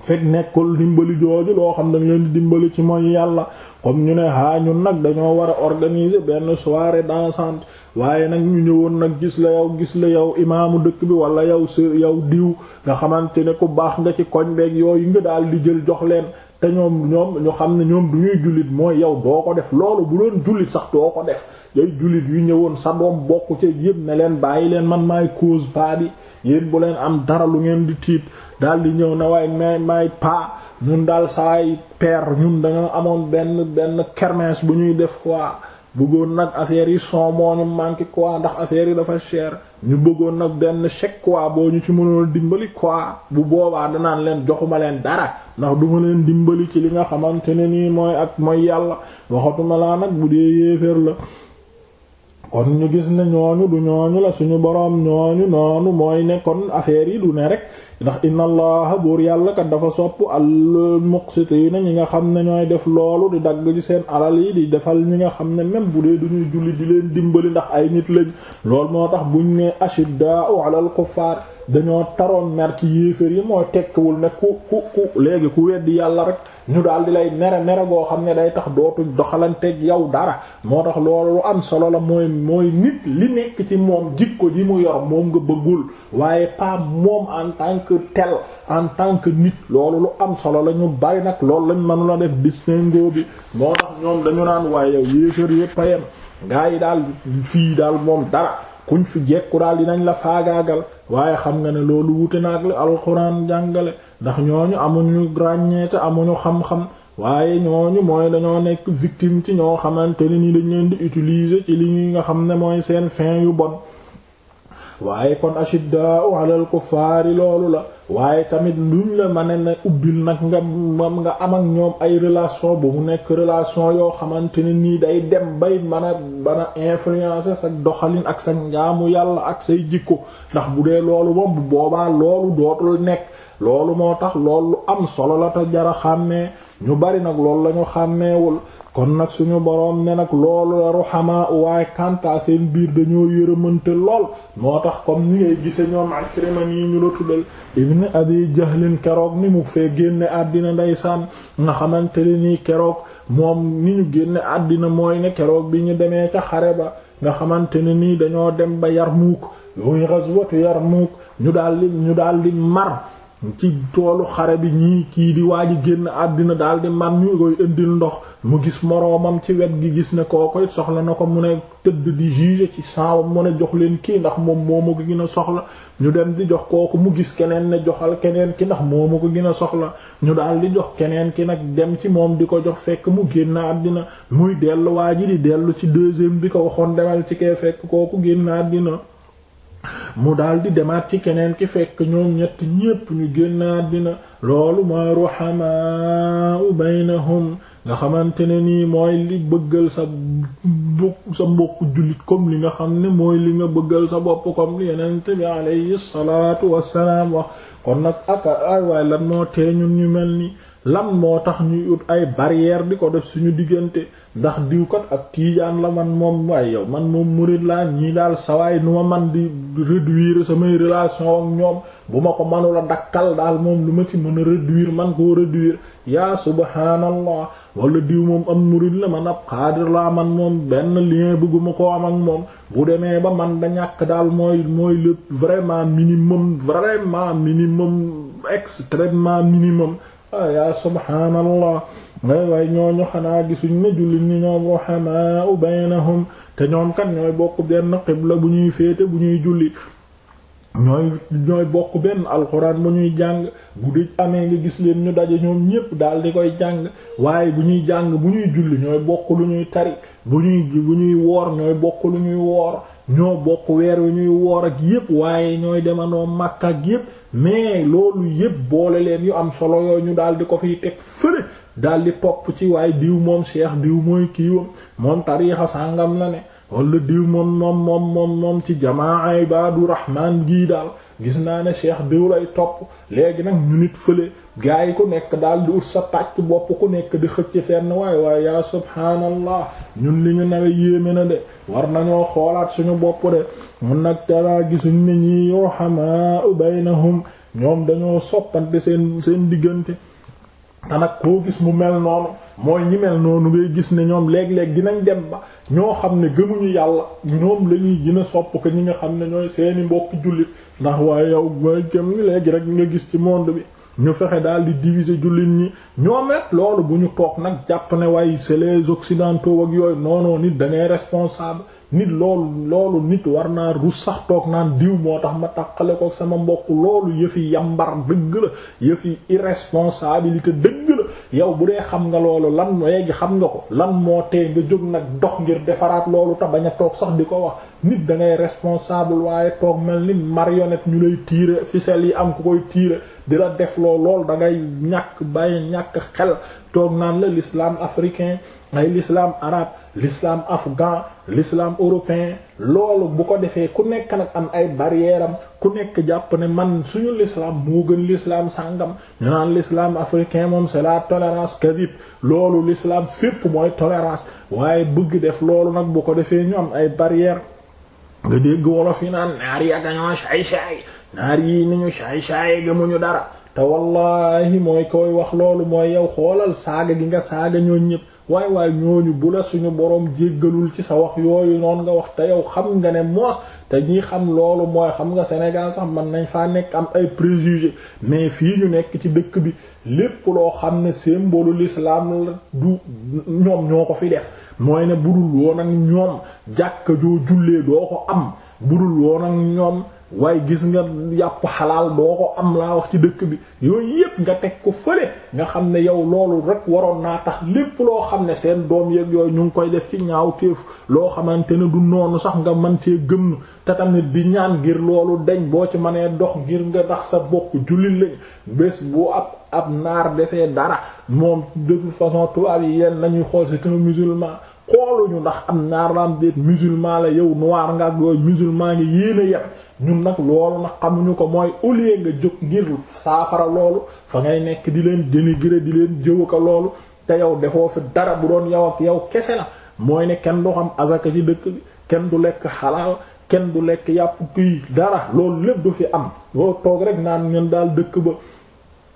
[SPEAKER 1] fekk nekkul dimbali jooju loo xam ne dañ leen di dimbali ci mooy yàlla comme ñu ne haa ah, ñun nag dañoo war a organiser benn soirée dansante waaye nag ñu ñëwoon nag gis la yow gis la yow imaamu dëkk bi wala yow sër yow diw nga xamante ne ku baax nga ci koñ beeg yooyu nga daal di jël jox leen te ñoom ñoom ñu xam ne ñoom du ñuy jullit mooy yow doo ko def loolu bu doon jullit sax doo ko def day jullit yu ñëwoon sa doom bokk ci yëpp ne leen bàyyi leen man maay cause pa bi yéen bu leen am dara lu ngeen di tiit daal di ñëw ne waaye may maay ñun daal saa saay père ñun dañoo amoon benn benn kermesse bu ñuy def quoi bëggoon nag affaire yi son moo ñu manqué quoi ndax affaire yi dafa cher ñu bëggoon nag benn chèque quoi boo ñu ci mënoon dimbali quoi bu boobaa danaan leen joxuma leen dara ndax duma leen dimbali ci li nga xamante ne nii mooy ak mooy yàlla waxatuma laa nag bu dee yéeféer la kon ñu gis ne ñooñu du ñooñu la suñu boroom ñooñu noonu mooy ne kon affaire yi du ne rek ndax inna allaha buur yàlla kat dafa sopp al muqsitiina ñi nga xam ne ñooy def loolu di dagg ci seen alal yi di defal ñi nga xam ne même bu dee duñuy julli di leen dimbali ndax ay nit lañ loolu moo tax bu buñ ne ashiddaa'u alal kuffaar dañoo taroon mer ci yéeféer yi moo tekkiwul ne ku ku ku léegi ku weddi yàlla rek ñu daal di lay mere mere goo xam ne day tax dootuñ doxalanteeg yow dara moo tax loolu lu am solo la mooy mooy nit li nekk ci moom jikko ji mu yor moom nga bëggul waaye pas moom en tant tel en tant que nit loolu lu am solo la ñu bari nag loolu lañ mënula def distinguo bi moo tax ñoom dañu naan waaye yow yéeféer yépp a yem gaa yi daal fii daal moom dara kuñ fi jekku daal dinañ la faagaagal waaye xam nga ne loolu wuute na ak li alxuraan jàngale ndax ñooñu amuñu ràññee te amuñu xam-xam waaye ñooñu mooy dañoo nekk victime ci ñoo xamante ne ni dañ leen di utiliser ci li ñuy nga xam ne mooy seen fin yu bon waaye kon ashiddaa'u alal kuffaari loolu la waaye tamit luñ la ma ne na ubbil nag nga moom nga am ak ñoom ay relation bu mu nekk relation yoo xamante ne nii day dem bay man a bana influencer sa doxalin ak sa njaamu yàlla ak say jikko ndax bu dee loolu moom bu boobaa loolu dootul nekk loolu moo tax loolu am solo la te jara xàmmee ñu bari nag loolu la ñu xàmmeewul kon nag suñu boroom ne nag loolu la ruhamaa waaye kanta seen biir dañoo yërëmante lool moo tax comme ni ngay gise ñoom Ikrima nii ñu la tuddal ibn Abi Jahlin keroog ni mu fee génne àddina ndeysaan nga xamante ne nii keroog moom ni ñu génne àddina mooy ne keroog bi ñu demee ca xare ba nga xamante ne nii dañoo dem ba yar Yarmuuk yooyu ghazwatu Yarmuuk ñu daal ñu daal di mar ci toolu xare bi ñii kii di waa ji génn àddina daal di man ñu koy indil ndox mu gis moroomam ci wet gi gis ne koo koy soxla na ko mu ne tëdd di juge ci saawam mu ne jox leen kii ndax moom moo ma ko gën a soxla ñu dem di jox kooku mu gis keneen ne joxal keneen ki ndax moom ma ko gën a soxla ñu daal di jox keneen ki nag dem ci moom di ko jox fekk mu génn àddina muy dellu waa ji di dellu ci deuxième bi ko waxoon demal ci kee fekk kooku génn àddina mu daal di demaat ci keneen ki fekk ñoom ñett ñépp ñu génnaat dina loolu mooy ruhamaa baynahum nga xamante ne nii mooy li bëggal sa mbokk sa mbokku jullit comme li nga xam ne mooy li nga bëggal sa bopp comme li yonent bi alayhi salaatu wassalaam wax kon nag ak ay waay lan moo tee ñun ñu mel ni lan moo tax ñuy ut ay barrière di ko def suñu diggante ndax diwkat ab tiijaan la man moom waaye yow man moom murid laa ñii daal sawaay nu ma man di réduire samay relation ak ñoom bu ma ko manula dakkal daal moom lu ma ci mën a réduire man koo réduire yaa subhaanallah wala diw moom am murid la man ab xaadir laa man moom benn lien bëgguma koo am ak moom bu demee ba man da ñàkk daal mooy mooy le vraiment minimum vraiment minimum extrêmement minimum ah yaa subhaanallah way way ñooñu xanaa gisuñ ne jullit ñi ñoom ruhamaa'u baynahum te ñoom kan ñooy bokk benn xibla bu ñuy féete bu ñuy julli ñooy bokk benn alxuraan bu ñuy jàng bu dëj gis leen ñu daje ñoom ñépp daal di koy jàng waaye bu ñuy jàng bu ñuy julli ñooy bokk lu ñuy tari bu ñuy bu ñuy woor ñooy bokk lu ñuy woor ñoo bokk weer wi ñuy woor ak yépp waaye ñooy demandoo Makka ak yépp mais loolu yépp boole leen yu am solo yooyu ñu daal di ko fiy teg fële daal di topp ci waaye diw moom cheikh diw mooy kiiwam moom tariixa sàngam la ne wala diw moom moom moom moom moom ci jamaa ibaadu rahmaan gii daal gis naa ne cheikh diw ay topp léegi nag ñu nit fële gaa yi ku nekk daal di ut sa pàcc bopp ku nekk di xëcc fenn waaye waaye yaa subhaanallah ñun li ñu nawe yéeme na de war nañoo xoolaat suñu bopp de mun nag talaa gisuñ ne ñi yoo xamaa baynahum ñoom dañoo soppante seen seen diggante te nag koo gis mu mel noonu mooy ñi mel noonu ngay gis ne ñoom léeg-léeg dinañ dem ba ñoo xam ne gëmuñu yàlla ñoom la ñuy gën a sopp ko ñi nga xam ne ñooy seeni mbokk jullit ndax waaye yow mooy gëm léegi rek nga gis ci monde bi ñu fexe daal di diviser jullit ñi ñoom nag loolu bu ñu toog nag jàpp ne waaye c'est les occidentaux ak yooyu noonoo nit da ngay responsable nit loolu loolu nit war naa rus sax toog naan diw moo tax ma takkale ko sama mbokk loolu yëfi yambar dëgg la yëfi irresponsabilité dëgg. yow bu dee xam nga loolu lan léegi xam nga ko lan moo tee nga jóg nag dox ngir defaraat loolu te bañ toog sax di ko wax nit da ngay responsable waaye toog mel ni marionnette ñu lay tiire ficelle yi am ku koy tiire di la def loo lool da ngay ñàkk bàyyi ñàkk xel toog naan la lislaam africain ay lislaam arab lislaam afghan lislaam européen loolu bu ko defee ku nekk nag am ay barrière ku nekk jàpp ne man suñu l'islam moo gën l'islam sàngam ñu naan l'islam africain moom c'est la tolérance kadib loolu l'islam fépp mooy tolérance waaye bëgg def loolu nag bu ko defee ñu am ay barrière nga dégg wolof yi naan naar yi ak ñoo saay saay naar yi ni ñu saay saay gëmuñu dara te wallahi mooy koy wax loolu mooy yow xoolal saaga gi nga saaga ñooñ ñëpp waay waay ñooñu bu la suñu boroom jéggalul ci sa wax yooyu noonu nga wax te yow xam nga ne moos te ñi xam loolu mooy xam nga Sénégal sax mën nañ faa nekk am ay préjugés mais fii ñu nekk ci dëkk bi lépp loo xam ne symbole lislaam la du ñoom ñoo ko fi def mooy ne budul woon ak ñoom jàkka joo jullee doo ko am budul woon ak ñoom waaye gis nga yàpp xalaal boo ko am laa wax ci dëkk bi yooyu yépp nga teg ko fële nga xam ne yow loolu rek waroon naa tax lépp loo xam ne seen doom yeeg yooyu ñu ngi koy def ci ñaaw téef loo xamante ne du noonu sax nga mën cee gëm te tamit di ñaan ngir loolu deñ boo ci mënee dox ngir nga ndax sa bokk jullit lañ bés bu ab ab naar defee dara moom de toute façon tubaab yi yéen xool c'est un musulman xooluñu ndax am naar la am déet musulman la yow noir nga ak yooyu musulman nga yéen a yem ñun nag loolu nag xamuñu ko mooy au lieu nga jóg ngir saafara loolu fa ngay nekk di leen dénigrer di leen jëw ko loolu te yow defoo fi dara bu doon yow ak yow kese la mooy ne kenn du xam azaka ci dëkk bi kenn du lekk xalaal kenn du lekk yàpp kuy dara loolu lépp du fi am loo toog rek naan ñun daal dëkk ba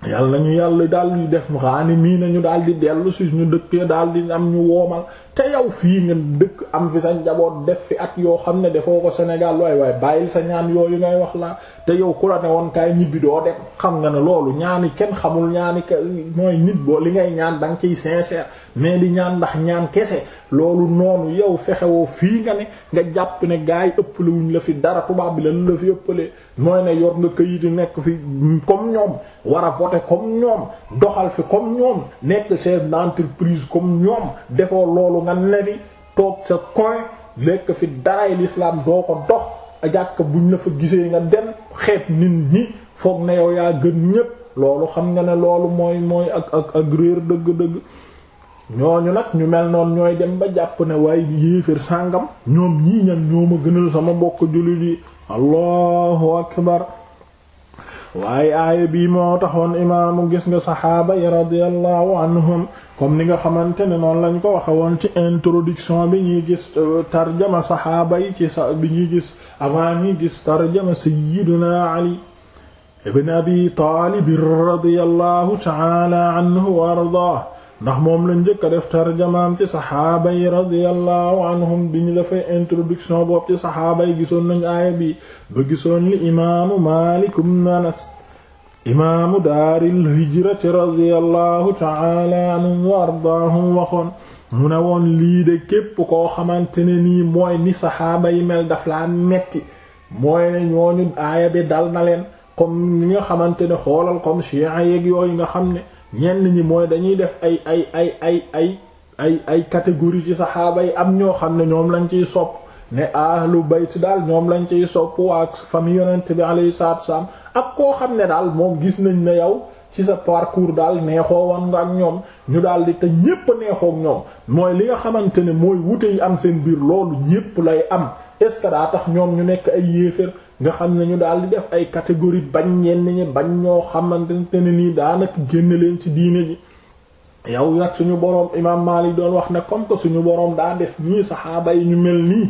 [SPEAKER 1] yàlla na ñu yàlla daal di def xaani mii nañu daal di dellu si ñu dëkkee daal di am ñu woomal te yow fii nga dëkk am fi sa njaboot def fi at yoo xam ne defoo ko Sénégal waay waay bàyyil sa ñaan yooyu ngay wax la te yow ku la ne woon kaay ñibbi doo dem xam nga ne loolu ñaani kenn xamul ñaani mooy nit boo li ngay ñaan da nga ciy mais di ñaan ndax ñaan kese loolu noonu yow fexewoo fii nga ne nga jàpp ne gaa yi ëppale wuñ la fi dara tubaab bi lan la fi ëppalee mooy ne yor nga këyit di nekk fi comme ñoom war a voter comme ñoom doxal fi comme ñoom nekk chef d'entreprise comme ñoom defoo loolu nga ne toog sa coin lekk fi daray l'islam doo ko dox jàkk buñ la fa gisee nga dem xeet nit ñi foog na yow yaa gën ñépp loolu xam nga ne loolu mooy mooy ak ak ak réer dëgg-dëgg ñooñu nag ñu mel noonu ñooy dem ba jàpp ne waaye yéefér sàngam ñoom ñii ñan ñooma gënal sama bokk jullit yi allahu akbar waaye aaya bii moo taxoon imaamu gis nga saxaaba yi radiyallahu anhum comme ni nga xamante ne noonu lañ ko waxe woon ci introduction bi ñuy gis euh, tarjama saxaaba yi ci sa bi ñuy gis avant ñuy gis tarjama sayyiduna ali ibn abi taalib radiyallahu ta'ala anhu wa ndax moom lañ njëkk a def tarjamaam ci saxaaba yi radiyallahu anhum bi ñu dafay introduction boobu ci gisoon nañ aaya bi ba gisoon li imaamu Maalik ibn Anas imaamu daaril hijrati radiyallahu taala ardaahum waxoon mu ne woon lii de képp koo xamante ne nii mooy ni saxaaba yi mel daf laa metti mooy ne ñooñu aaya bi dal na leen comme ñi nga xamante ne xoolal comme chiites yeeg yooyu nga xam ne ñenn ñi mooy dañuy def ay ay ay ay ay ay ay catégorie ci saxaaba yi am ñoo xam ne ñoom lañ ciy sopp ne ahlu bayt daal ñoom lañ ciy sopp waa famille yonent bi alayhi salaatu wasalaam ak koo xam ne daal moom gis nañ ne yow ci sa parcours daal neexoo woon nga ak ñoom ñu daal di te ñépp neexoo ñoom mooy li nga xamante ne mooy wute yi am seen biir loolu ñépp lay am est-ce que daa tax ñoom ñu nekk ay yéeféer nga xam ne ñu daal di def ay catégorie bañ ñenn ñi bañ ñoo xamante ne nii daanaka génn leen ci diine ji yow nag suñu boroom imaam Maalik doon wax ne comme que suñu boroom daa def ñii saxaaba yi ñu mel nii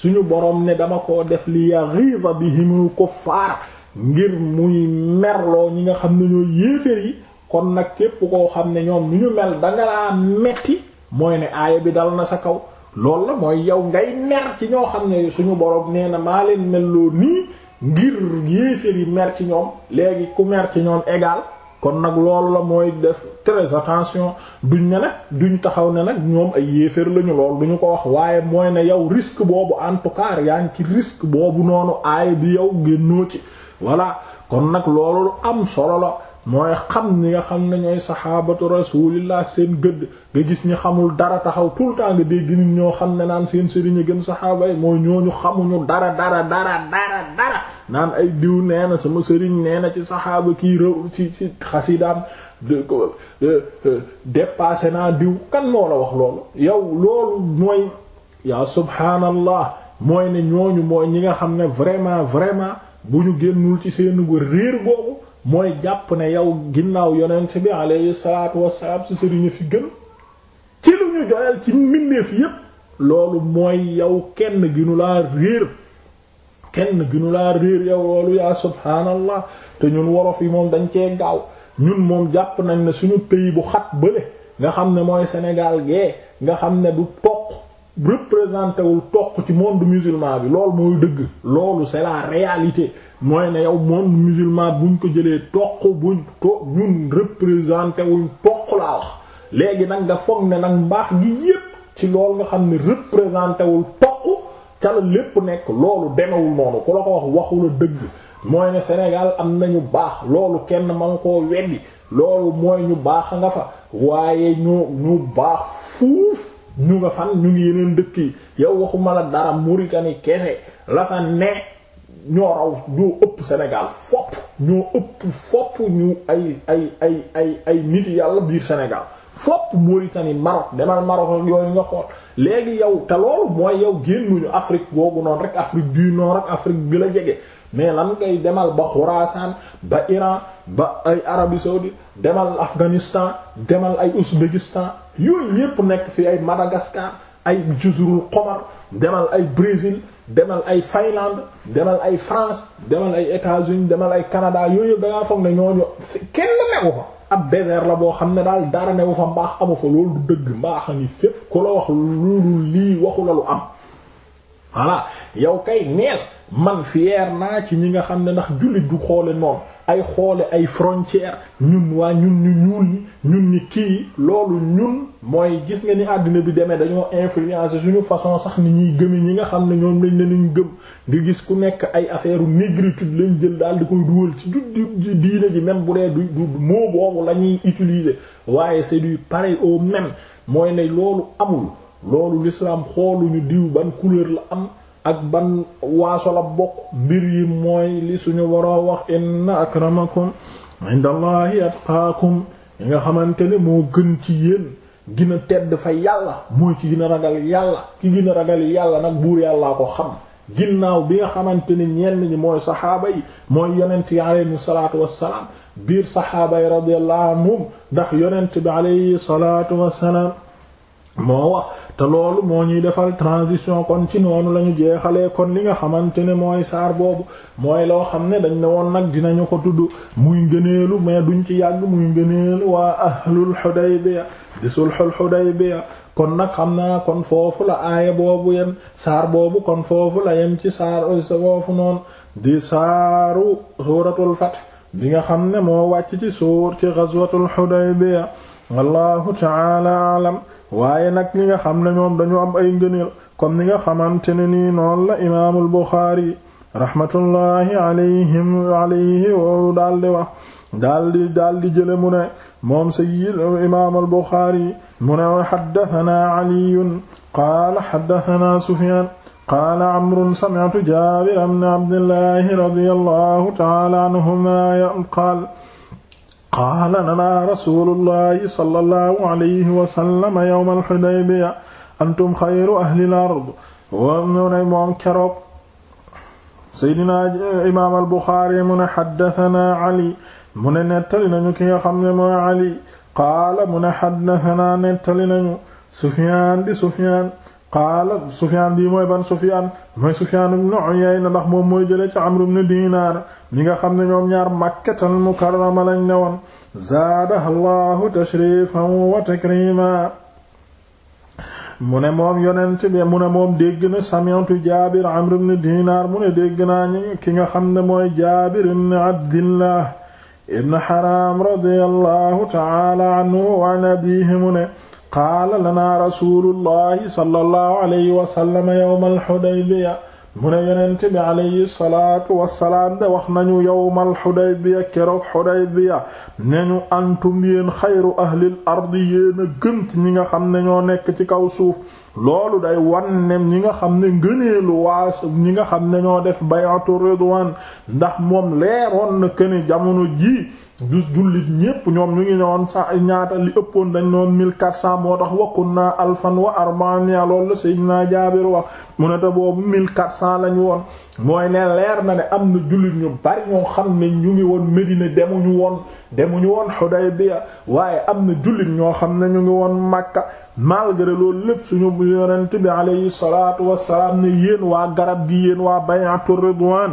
[SPEAKER 1] suñu borom ne dama ko def li yaghidha ko kuffar ngir muy merloo ñi nga xam ne ñoo yéeféer yi kon nag képp koo xam ne ñoom ni ñu mel danga laa metti mooy ne aaya bi dal na sa kaw loolu la mooy yow ngay mer ci ñoo xam ne suñu borom nee na maa leen melloo nii ngir yéeféer yi mer ci ñoom léegi ku mer ci ñoom égal kon nag loolu la mooy def très attention duñ ne nag duñ taxaw ne nag ñoom ay yéeféer lañu lool duñu ko wax waaye mooy ne yow risque boobu en tout cas yaa ngi ci risque boobu noonu aay bi yow génnoo ci voilà kon nag loolu am solo la mooy xam ni nga xam ne ñooy saxaabatu rasulillah seen gëdd nga gis ñi xamul dara taxaw tout le temps nga dégg nit ñoo xam ne naan seen sëriñ a gën saxaaba yi mooy ñu xamuñu dara dara dara dara dara naan ay diw nee na sama sëriñ nee na ci saxaaba kii rëw ci ci xasidaam dépassé naa diw kan moo la wax loolu yow loolu mooy yaa subhaanallah mooy ne ñooñu mooy ñi nga xam ne vraiment vraiment bu ñu génnul ci seen riir boobu mooy jàpp ne yow ginnaaw yonent bi alayhi salaatu wassalaam si sëriñu fi gën ci lu ñu joyal ci mbindeef yépp loolu mooy yow kenn ginu laa réer kenn ginu laa réer yow loolu yaa subhaanallah te ñun worof yi moom dañ cee gaaw ñun moom jàpp nañ ne suñu pays bu xat bële nga xam ne mooy senegaal gee nga xam ne du toog représenté wul toq ci monde musulman bi loolu mooy dëgg loolu c'est la réalité mooy ne yow monde musulman buñ ko jëlee toq buñ to ñun représenté wuñ toq laa wax léegi nag nga foog ne nag mbaax gi yépp ci loolu nga xam ne représenté wul toq ca la lépp nekk loolu demewul noonu ku la ko wax waxula dëgg mooy ne Sénégal am nañu baax loolu kenn man koo weddi loolu mooy ñu baax nga fa waaye ñu ñu baax fuuf ñu nga fan ñu ngi yeneen dëkk yi yow waxuma la dara Mauritanie kese la fa ne ñoo raw ñoo ëpp senegal fopp ñoo ëpp fopp ñu ay ay ay ay ay nit yàlla biir Sénégal fopp Mauritanie Maroc demal Maroc yooyu nga xool léegi yow te loolu mooy yow génnuñu Afrique boobu noonu rek Afrique du Nord ak Afrique bi la jege mais lan ngay demal ba Khurasan ba Iran ba ay Arabie saoudite demal Afghanistan demal ay Ouzbékistan yooyu yépp nekk fi ay Madagascar ay Jazirul Qamar demal ay Brésil demal ay Finlande demal ay France demal ay États-Unis demal ay Canada yooyu yëpp da ngaa foog ne ñooñu kenn newu fa ab désert la boo xam ne daal dara newu fa mbaax amu fa loolu du dëgg mbaax a ngi fépp ku la wax loolu lii waxu la lu am voilà yow kay neel man fier naa ci ñi nga xam ne ndax jullit du xoole noonu ay xoole ay frontière ñun waa ñun ñu ñuul ñun ñi kii loolu ñun mooy gis nga ni àddina bi demee dañoo influencer suñu façon sax ni ñuy gëme ñi nga xam ne ñoom lañ ne nañ gëm nga gis ku nekk ay affaire négritude lañ jël daal di koy dugal ci du diine ji même bu dee du du mot boobu la ñuy utiliser waaye c'est du pareil au même mooy ne loolu amul loolu l'islam xooluñu diw ban couleur la am ak ban waaso la bokk mbir yi mooy li suñu waroo wax inna akramakum inda allahi atqaakum yi nga xamante ne moo gën ci yën gën a tedd fa yàlla mooy ci gina ragal yàlla ki gën a ragal yàlla nag buur yàllaa ko xam ginnaaw bi nga xamante ni ñenn ñi mooy saxaaba yi mooy yonent yi aleyhim salaatu wassalaam biir saxaaba yi radiyallahu anhum ndax yonent bi aleyhi salaatu wassalaam moo wax te loolu moo ñuy defal transition kon ci noonu lañu jeexalee kon li nga xamante ne mooy saar boobu mooy loo xam ne dañ ne woon nag dinañu ko tudd muy ngëneelu mais duñ ci yàgg muy ngëneelu waa ahlul Hudaybiya di sulhul Hudaybiya kon nag xam naa kon foofu la aaya boobu yem saar boobu kon foofu la yem ci saar foofu noonu di saaru suuratul Fath bi nga xam ne moo wàcc ci suur ci ghazwatul Hudaybiya wallahu ta'ala a'lam waaye nag li nga xam ne ñoom dañu am ay ngëneel comme ni nga xamante ne nii noon la imaamul Buxaari rahmatullahi alayhim alayhi wou daal di wax daal di daal di jële mu ne moom sayyid imaamul Buxaari mu ne xaddatanaa caliyun qaala xaddatanaa Sufyaan amrun sami'tu Jaabir ibn Abdillahi radiyallahu ta'ala anhumaa qaala qaala lanaa rasuulullahi sallallahu alayhi wa sallam yawmal hudaybiya antum xayru ahlil ard wa mu ne moom keroog seydinaa imaam al buxaari mu ne xaddatanaa ali mu ne nettali nañu ki nga xam ne mooy ali qaala mu ne xaddatanaa nettali nañu sufyaan di sufyaan qaala Sufyaan bii mooy ban Sufyaan mooy Sufyaan ibn Uyayna ndax moom mooy jëlee ci Amr ibn Dinaar ñi nga xam ne ñoom ñaar Makkatal Mukarrama moom yonent ne moom dégg na sami'tu Dinaar mu ne dégg naa ki nga xam ne mooy Jaabir ibn Abdillah ibn Haraam radiyallahu ta'ala anhu wa nabihi mu ne qaala lanaa rasulullahi sallallahu alayhi wasallama yowma alxudaybiya mu ne yonent bi alayhi salaatu wasalaam de wax nañu yowma alxudaybiya keroog xudaybiya ne ñu antum yéen xayru ahlil ardi yéen a gënt ñi nga xam ne ñoo nekk ci kaw suuf loolu day wan ne ñi nga xam ne ngëneelu waas ñi nga xam ne ñoo def bayatu ridwan ndax moom leeroon na këne jamono jii jus jullit ñépp ñoom ñu ngi ñowoon sa ñaata li ëppoon dañ noon 1400 moo tax wakkun naa alfan wa arbania loolu la naa Jaabir wax mu ne te boobu 1400 lañ woon mooy ne leer na ne am na jullit ñu bari ñoo xam ne ñu ngi woon Medina demuñu woon demuñu woon Xudaybiya waaye am na jullit ñoo xam ne ñu ngi woon Makka malgré loolu lépp suñu yonent bi alayhi salaatu wassalaam ne yéen waa garab gi yéen waa Bay'atu Ridwaan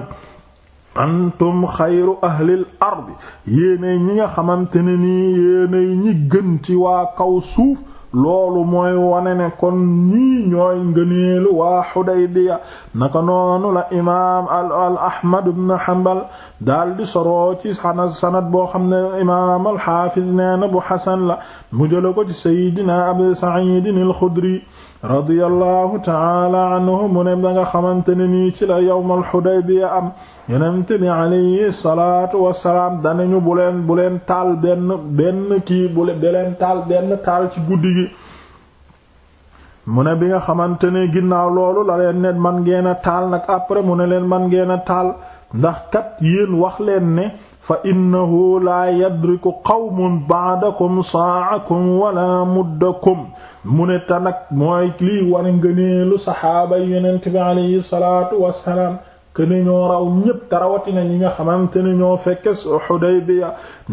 [SPEAKER 1] antum xayru ahlil ardi yéenay ñi nga xamante ne nii yéenay ñi gën ci waa kaw suuf loolu mooy wane ne kon ñii ñooy ngëneelu waa Xudaybiya naka noonu la imaam al al Ahmad ibn Hanbal daal di soroo ci xana sanad boo xam ne imaam al xaafis nee na bu xasan la mu jëla ko ci Seydina Abu Saciid al Xudri radiyallahu taala anhu mu ne da nga xamante ne nii ci la yawmal Hudaybiya am yonent bi alayhi salaatu wassalaam danañu bu leen bu leen taal benn benn kii bu leen taal benn taal ci guddi gi mu ne bi nga xamante ne ginnaaw loolu la leen ne man ngeen a taal nag après mu ne leen man ngeen a taal ndax kat yéen wax leen ne fa innahu laa yadriku qawmun ba'dakum saa'akum wala muddakum mu ne ta nag mooy lii wane ngëneelu saxaaba yonent bi alayhi salaatu wassalaam kene ñoo raw ñépp tarawatina ñi nga xamante ne ñoo fekke Hudaybiya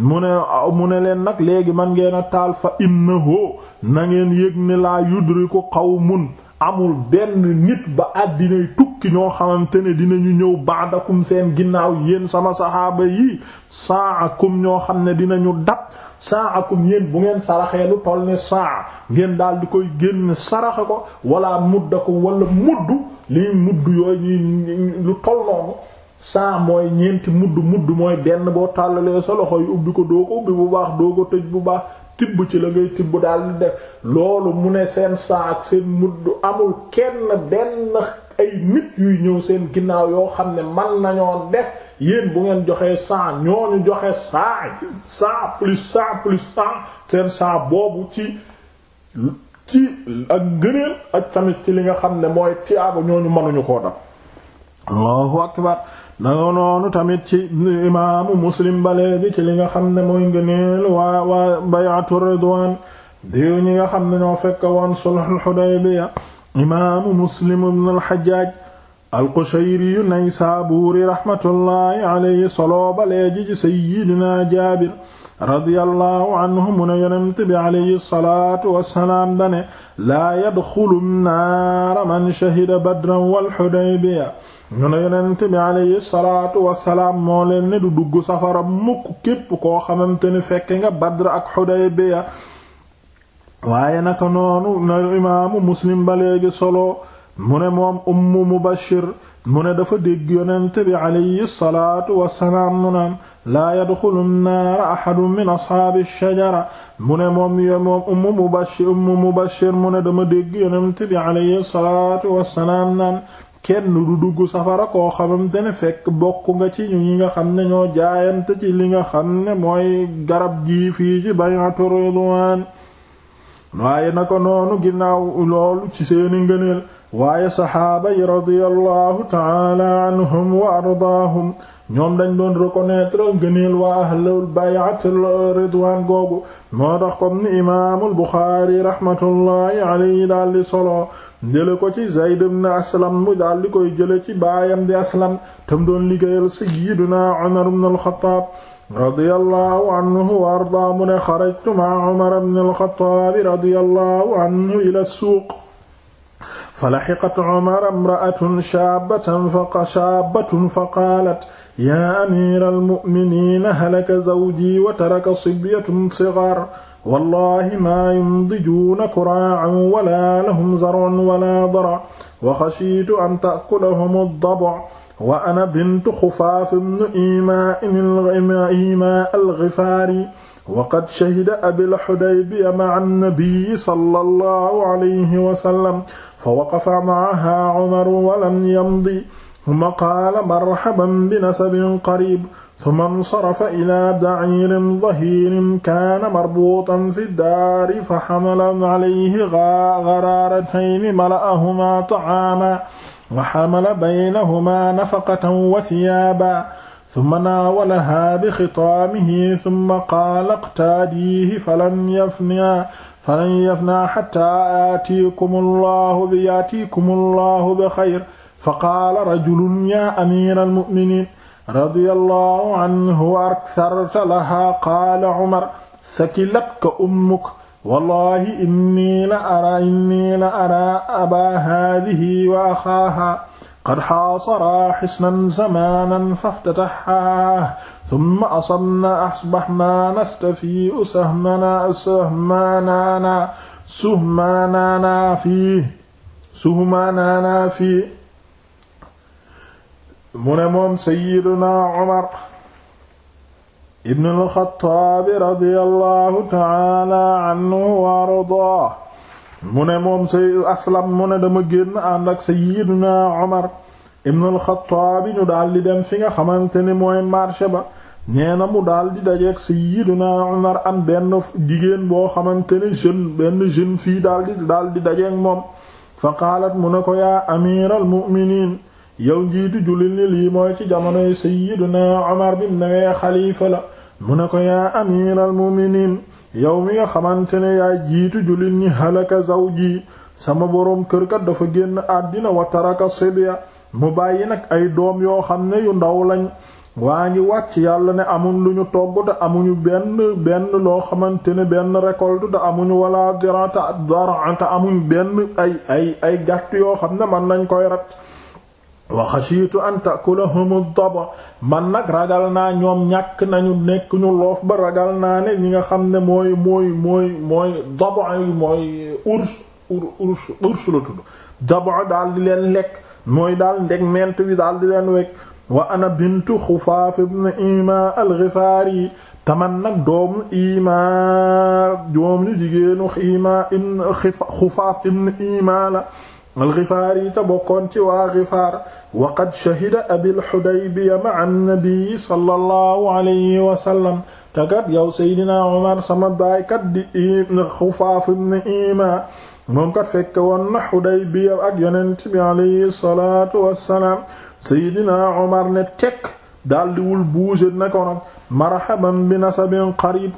[SPEAKER 1] mu ne mu ne leen nag léegi man ngeen a taal fa innahu na ngeen yëg ne laa yudriku qawmun amul benn nit ba àddinay tukki ñoo xamante ne dinañu ñëw baadakum seen ginnaaw yéen sama saxaaba yi saakum ñoo xam ne dinañu dab saakum yéen bu ngeen saraxee lu toll ne saa ngeen daal di koy génn saraxe ko wala muddakum wala mudd li mudd yooyu lu toll noonu saa mooy ñeenti mudd mudd mooy benn boo tàllalee sa loxo yi ubbi ko doo ko ubbi bu baax doo ko tëj bu baax tibb ci la ngay tibb daal di def loolu mu ne seen saa ak seen mudd amul kenn benn ay nit yuy ñëw seen ginnaaw yoo xam ne man nañoo def yéen bu ngeen joxee saa ñooñu joxe saa saa plus saa plus saa seen saa boobu ci ci ak ngëneel ak tamit ci li nga xam ne mooy tiyaaba ñooñu mënuñu koo dab allahu akbar nanga noonu tamit ci imaamu muslim ba léegi ci li nga xam ne mooy ngëneel waa waa bayatu ridwaan diw nga xam ne ñoo fekk woon sulhul xudaybiya imaamu muslim ibn al-hajjaaj al-qushayri yu naysaabuuri raxmatullaahi alayhi solo ba léegi ci radiyallahu anhu mu ne yonent bi alayhi salaatu wassalaam dane laa yadxulu naara man shahida badran wal xudaybiya ñu ne yonent bi alayhi salaatu wassalaam moo leen ne du dugg safara mukk képp koo xamante ni fekke nga badr ak xudaybiya waaye naka noonu na imaamu muslim ba léegi solo mu ne moom ummu mubashir mu ne dafa dégg yonent bi alayhi salaatu wassalaam mu naan laa yadxulu nnaara ahadu min ashaabi shajara mu ne moom yo moom ummu mubashir ummu mubashir mu dama dégg yonent bi alayhi salaatu wassalaam naan kenn dugg safara koo xamante ne bokk nga ci ñu nga xam ne ñoo jaayante ci li nga xam mooy garab gii fii ci bay'atu ridwaan waaye naka noonu ginnaaw loolu ci seeni ngëneel waaye saxaaba yi ta'ala anhum wa ardaahum ñoom dañ doon reconnaître gëneel waa ahlul bay'atul ridwaan googu moo tax comme ni imaamul Buxaari rahmatullahi alayhi daal di solo jële ko ci Zayd ibn Aslam mu daal di koy jële ci baayam di Aslam tam doon liggéeyal sayyidina Umar ibn al-Khattab radiyallahu anhu wa ardaa mu ne xarajtu ma'a Umar ibn al-Khattab radiyallahu anhu ila suuq fa laxiqat Umar imra'atun shaabatun fa qaalat yaa amiira almu'miniina halaka zawji wa taraka sibyatun sighar wallahi maa yumdijuuna quraacan walaa lahum zarun walaa dara wa xashiitu an ta'kulahum ad-dab' wa ana bintu xufaaf ibnu iimaa al-gifaari waqad shahida abil xudaybiya ma'a nabiyyi sallallahu alayhi wa sallam fa waqafa ma'ahaa umar wa lam yamdi summa qaala marhaban binasabin qarib summa nsarafa ila baciirin dahiirin kaana marbuutan fi daari fa xamala calayhi garaaratayni mala'ahumaa tacaaman wa xamala baynahumaa nafaqatan wa thiyaaban summa naawalahaa bixitaamihi summa qaala iqtaadiihi falam yafnaa falam yafnaa xattaa yaatiikum allaahu bi yaatiikum allaahu bi xayr fa qaala rajulun yaa amiira almu'miniin radiyallahu anhu wa aktharta lahaa qaala umar sakilatka ummuk wallahi inni la araa inni la araa abaa haadihi wa axaaha qad xaasaraa xisnan zamaanan faftataxaa summa asabna asbaxna nastafii'u sahmanaa sahmanaana suhmanaana fii suhmanaana fii mu moom Seyyiduna Umar ibn al-Khattab radiyallahu ta'ala anhu wa ardaa ne moom say aslam mu ne dama génn ànd ak Seyyiduna Umar ibn ñu daal di dem fi nga xamante ne mooy marché ba nee na mu daal di dajeeg Seyyiduna am benn jigéen boo xamante ne jeune benn jeune fii daal di moom fa qaalat mu ko yaa amiiral mu'miniin yow njiitu jullit ñi lii mooy ci jamonoy sayyiduna Umar bi mu newee xalifa la mu ne ko yaa amiral mu'minin yow mi nga xamante ne yaay jiitu jullit ñi halaka ji sama boroom kër kat dafa génn àddina wa taraka sibya mu bàyyi nag ay doom yoo xam ne yu ndaw lañ waa ngi wàcc yàlla ne amuñ lu ñu togg te amuñu benn benn loo xamante ne benn récolte te amuñu wala dara te amuñu benn ay ay ay gàtt yoo xam ne mën nañ koy rat wa xashiitu an takulahum ad-daba man nag ragal naa ñoom ñàkk nañu nekk ñu loof ba ragal naa ne ñi nga xam ne mooy mooy mooy mooy daba mooy urs urs urs la tudd daba daal di leen lekk mooy daal ndeg ment bi daal di leen wekk wa ana bintu xufaaf ibn ima al-ghifari te man nag doomu ima doom ñu jigéenu ima ibn xufaaf ibn ima la alxifaar yi ta bokkoon ci waa xifaar wa qad shahida abil xudaybiya ma'a nabii sallallahu alayhi wa sallam te kat yow seydina Umar sama baay kat di Xufaaf ibn Imaa moom kat fekk woon na Xudaybiya ak yonent bi alayhi salaatu wassalaam seydina Umar ne tekk daldiwul buuse na ko nag marhaban bi nasabin qariib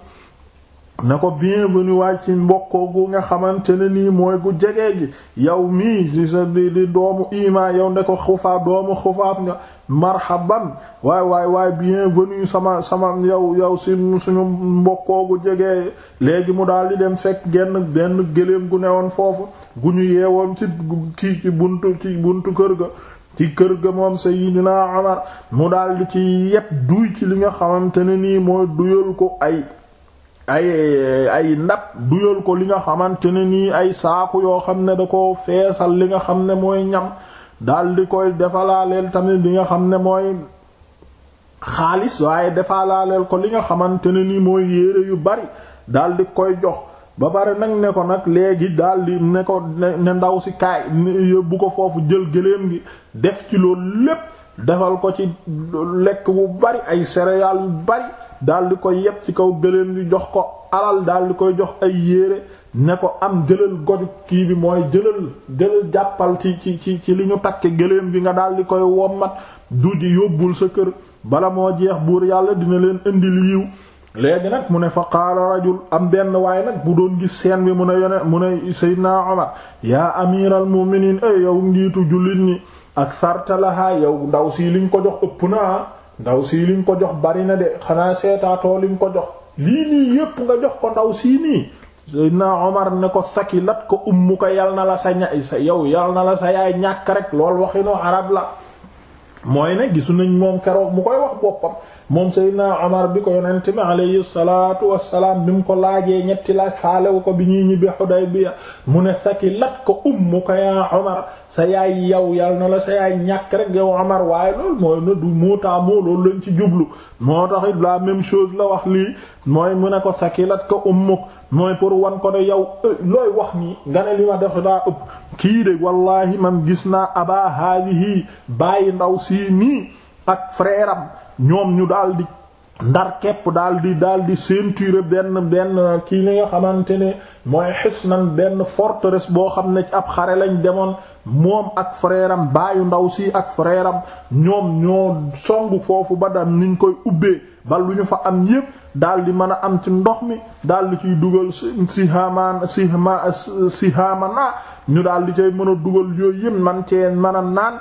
[SPEAKER 1] ne ko bienvenue waay ci mbokkoo gu nga xamante ne nii mooy gu jege gi yow mii di sa di doomu ima yow ne ko xufaaf doomu xufaaf nga marhaban waaye waaye bien bienvenue sama sama yow yow si suñu mbokkoo gu jege léegi mu daal di dem fekk genn benn gëléem gu newoon foofu gu ñu yeewoon ci kii ci buntu ci buntu kër ga ci kër ga moom Seydina Omar mu daal di ci yépp duy ci li nga xamante ne nii mooy duyal ko ay ay ay ndab duyal ko li nga xamante ne nii ay saaku yoo xam ne da ko feesal li nga xam ne mooy ñam dal di koy defalaaleel tamit li nga xam ne mooy xaalis waaye defalaaleel ko li nga xamante ne nii mooy yére yu bari dal di koy jox ba bari nag ne ko nag léegi daal di ne ko ne ndaw si kaay yóbbu ko foofu jël gëléem gi def ci loolu lépp defal ko ci lekk bu bari ay céréales yu bari daal di koy yeb ci kaw gëléem gi jox ko alal daal di koy jox ay yére ne ko am jëlal goju kii bi mooy jëlal jëlal jàppal ci ci ci ci li ñu takkee gëléem bi nga daal di koy wommat du ji yóbbul sa kër bala moo jeex buur yàlla dina leen indil yiw léegi nag mu ne fa qaala rajul am benn waaye nag bu doon gis seen bi mu ne yone mu ne Seydina Omar yaa amiral mu'minin ay yow njiitu jullit ñi ak sartalahaa yow ndaw si liñ ko jox ëpp naa ndaw sii liñ ko jox bari na de xanaa seetaatoo liñ ko jox lii nii yépp nga jox ko ndaw sii nii Seydina Omar ne ko sakilat ko ummu ko yal na la sa ña sa yow yal na la sa yaay ñàkk rek lool waxinoo arab la mooy ne gisu nañ moom keroog mu koy wax boppam moom Seydina Omar bi ko yonent bi alayhi salaatu wassalaam bi mu ko laajee ñetti laaj faalewu ko bi ñuy ñibbi Hudaybiya mu ne sakilat ko ummuka yaa Omar sa yaay yow yal na la sa yaay ñàkk rek yow Omar waaye loolu mooy na du mootaa moo loolu lañ ci jublu moo taxit la même chose la wax lii mooy mu ne ko sakilat ko ummuk mooy pour wan ko ne yow eh, looy wax nii nga ne li ma def daa ëpp kii de wallahi man gis naa aba haadihi bàyyi ndaw sii nii ak frère ñoom ñu daldi di ndar kepp daal di daal di ceinture benn benn kii li nga xamante ne mooy xis nan benn forteresse boo xam ne ci ab xare lañ demoon moom ak freeram am baayu ndaw si ak freeram am ñoom ñoo song foofu ba dam niñ koy ubbee ba lu ñu fa am yépp daal di mën a am ci ndox mi daal di ciy dugal si hamaan si ñu daal di cay mën a dugal yooyu man cee mën a naan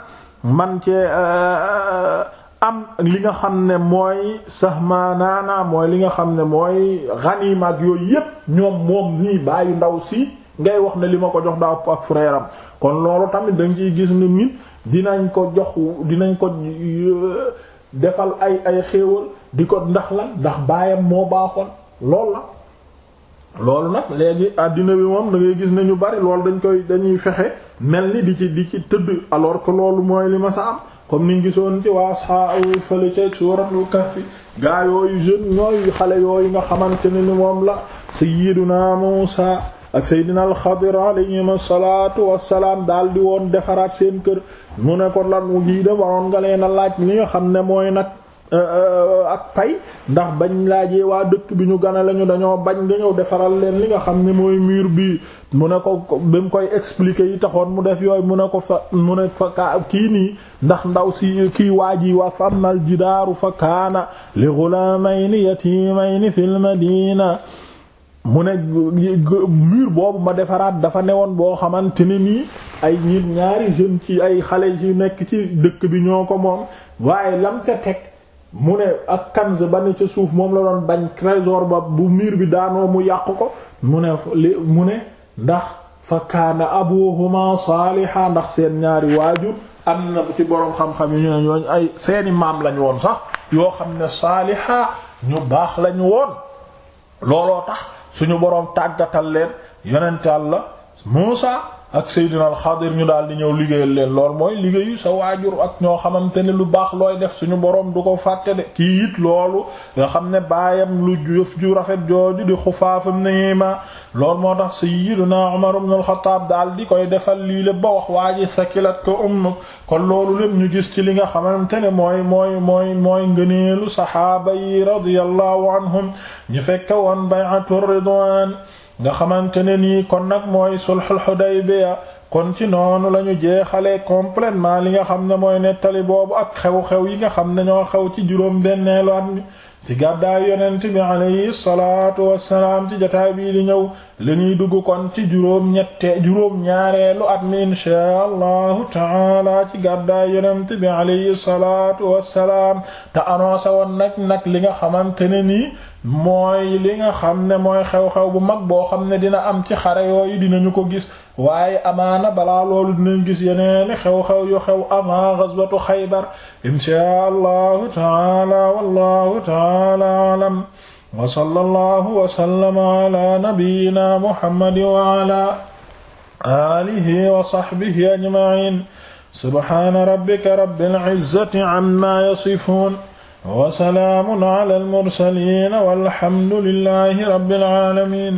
[SPEAKER 1] man cee euh, am li nga xam ne mooy sahmaanaana mooy li nga xam ne mooy ganiima ak yooyu yépp ñoom moom nii bàyyi ndaw si ngay wax ne li ma ko jox daa ak frère am kon loolu tamit da nga gis ni nit dinañ ko jox dinañ ko euh, defal ay ay xéewal di ko ndax la ndax baayam moo baaxoon lool la loolu nag léegi àddina bi moom dangay gis ne ñu bari lool dañ koy dañuy fexe mel ni di ci di ci tëdd alors que loolu mooy li ma sa am kon niñ gisoon ci waa asxaabu fële ca suuratul kahfi gaa yooyu jeune ñooy xale yooyu nga xamante ne ni moom la si sayyiduna Muusa ak sayyidina al-Xadir alayhim asalaatu wasalaam daal di woon defaraat seen kër mu ne ko lan lii da waroon nga leen a laaj li nga xam ne mooy nag euh, euh, ak pay ndax bañ laajee waa dëkk bi ñu gane lañu dañoo bañ nga defaral leen li nga xam ne mooy mur bi mu ne ko bi mu koy expliquer yi taxoon mu def yooyu mu ne ko fa mu ne fa kaa kii nii ndax ndaw si kii waaj yi waa fa am nal jidaaru fa kaana li ghulamayni yatimayni fil madina mu ne mur boobu ma defaraat dafa newoon boo xamante ne nii ay ñit ñaari jeunes ci ay xale ci nekk ci dëkk bi ñoo ko moom waaye lam ca teg mu ne ak kanz ba ne ca suuf moom la doon bañ trésor ba bu mur bi daanoo mu yàq ko mu ne mu ne ndax fa kaana abuhuma saaliha ndax seen ñaari waajur am na ci boroom xam-xam yu ñu ne ñooñu ay seeni maam lañ woon sax yoo xam ne saaliha ñu baax lañu woon looloo tax suñu boroom tàggatal leen yonent Yàlla Muusa ak Seydina Al-Xadir ñu daal di ñëw liggéeyal leen lool mooy liggéeyu sa waajur ak ñoo xamante ne lu baax looy def suñu boroom du ko fàtte de kii it loolu nga xam ne baayam lu jëf ju rafet jooju di xufaafam nañu ma lool moo tax sayyiduna Umar ibn al-Khattab daal di koy defal lii lépp ba wax waa ji sakilat ko ummuk kon loolu lépp ñu gis ci li nga xamante ne mooy mooy mooy mooy ngëneelu saxaaba yi radiyallahu anhum ñu fekke woon bay'atu ridwaan nga xamante ne nii kon nag mooy sulhul Hudaybiya kon ci noonu la ñu jeexalee complètement li nga xam ne mooy nettali boobu ak xew-xew yi nga xam ne ñoo xew ci juróom benneelu at ci gàddaay yeneen bi alayhi salaatu wassalaam ci jataay bii di ñëw li ñuy dugg kon ci juróom ñette juróom ñaareelu at mi inshaa allahu taala ci gàddaay yeneen bi alayhi salaatu salaam te annoncé woon nag nag li nga xamante ne nii mooy li nga xam ne mooy xew-xew bu mag boo xam ne dina am ci xare yooyu dinañu ko gis waaye amaana balaa loolu dinañ gis yeneeni xew-xew yu xew avant ghazwatu xaybar inshaa allahu taala wallahu taala alam wa sallallahu wa sallama ala nabiyyina muhammadin wa ala alihi wa sahbihi ajma'in subhana rabbika rabbil izzati amma yasifun wa salaamun ala al mursalin walhamdulillahi rabbil alamin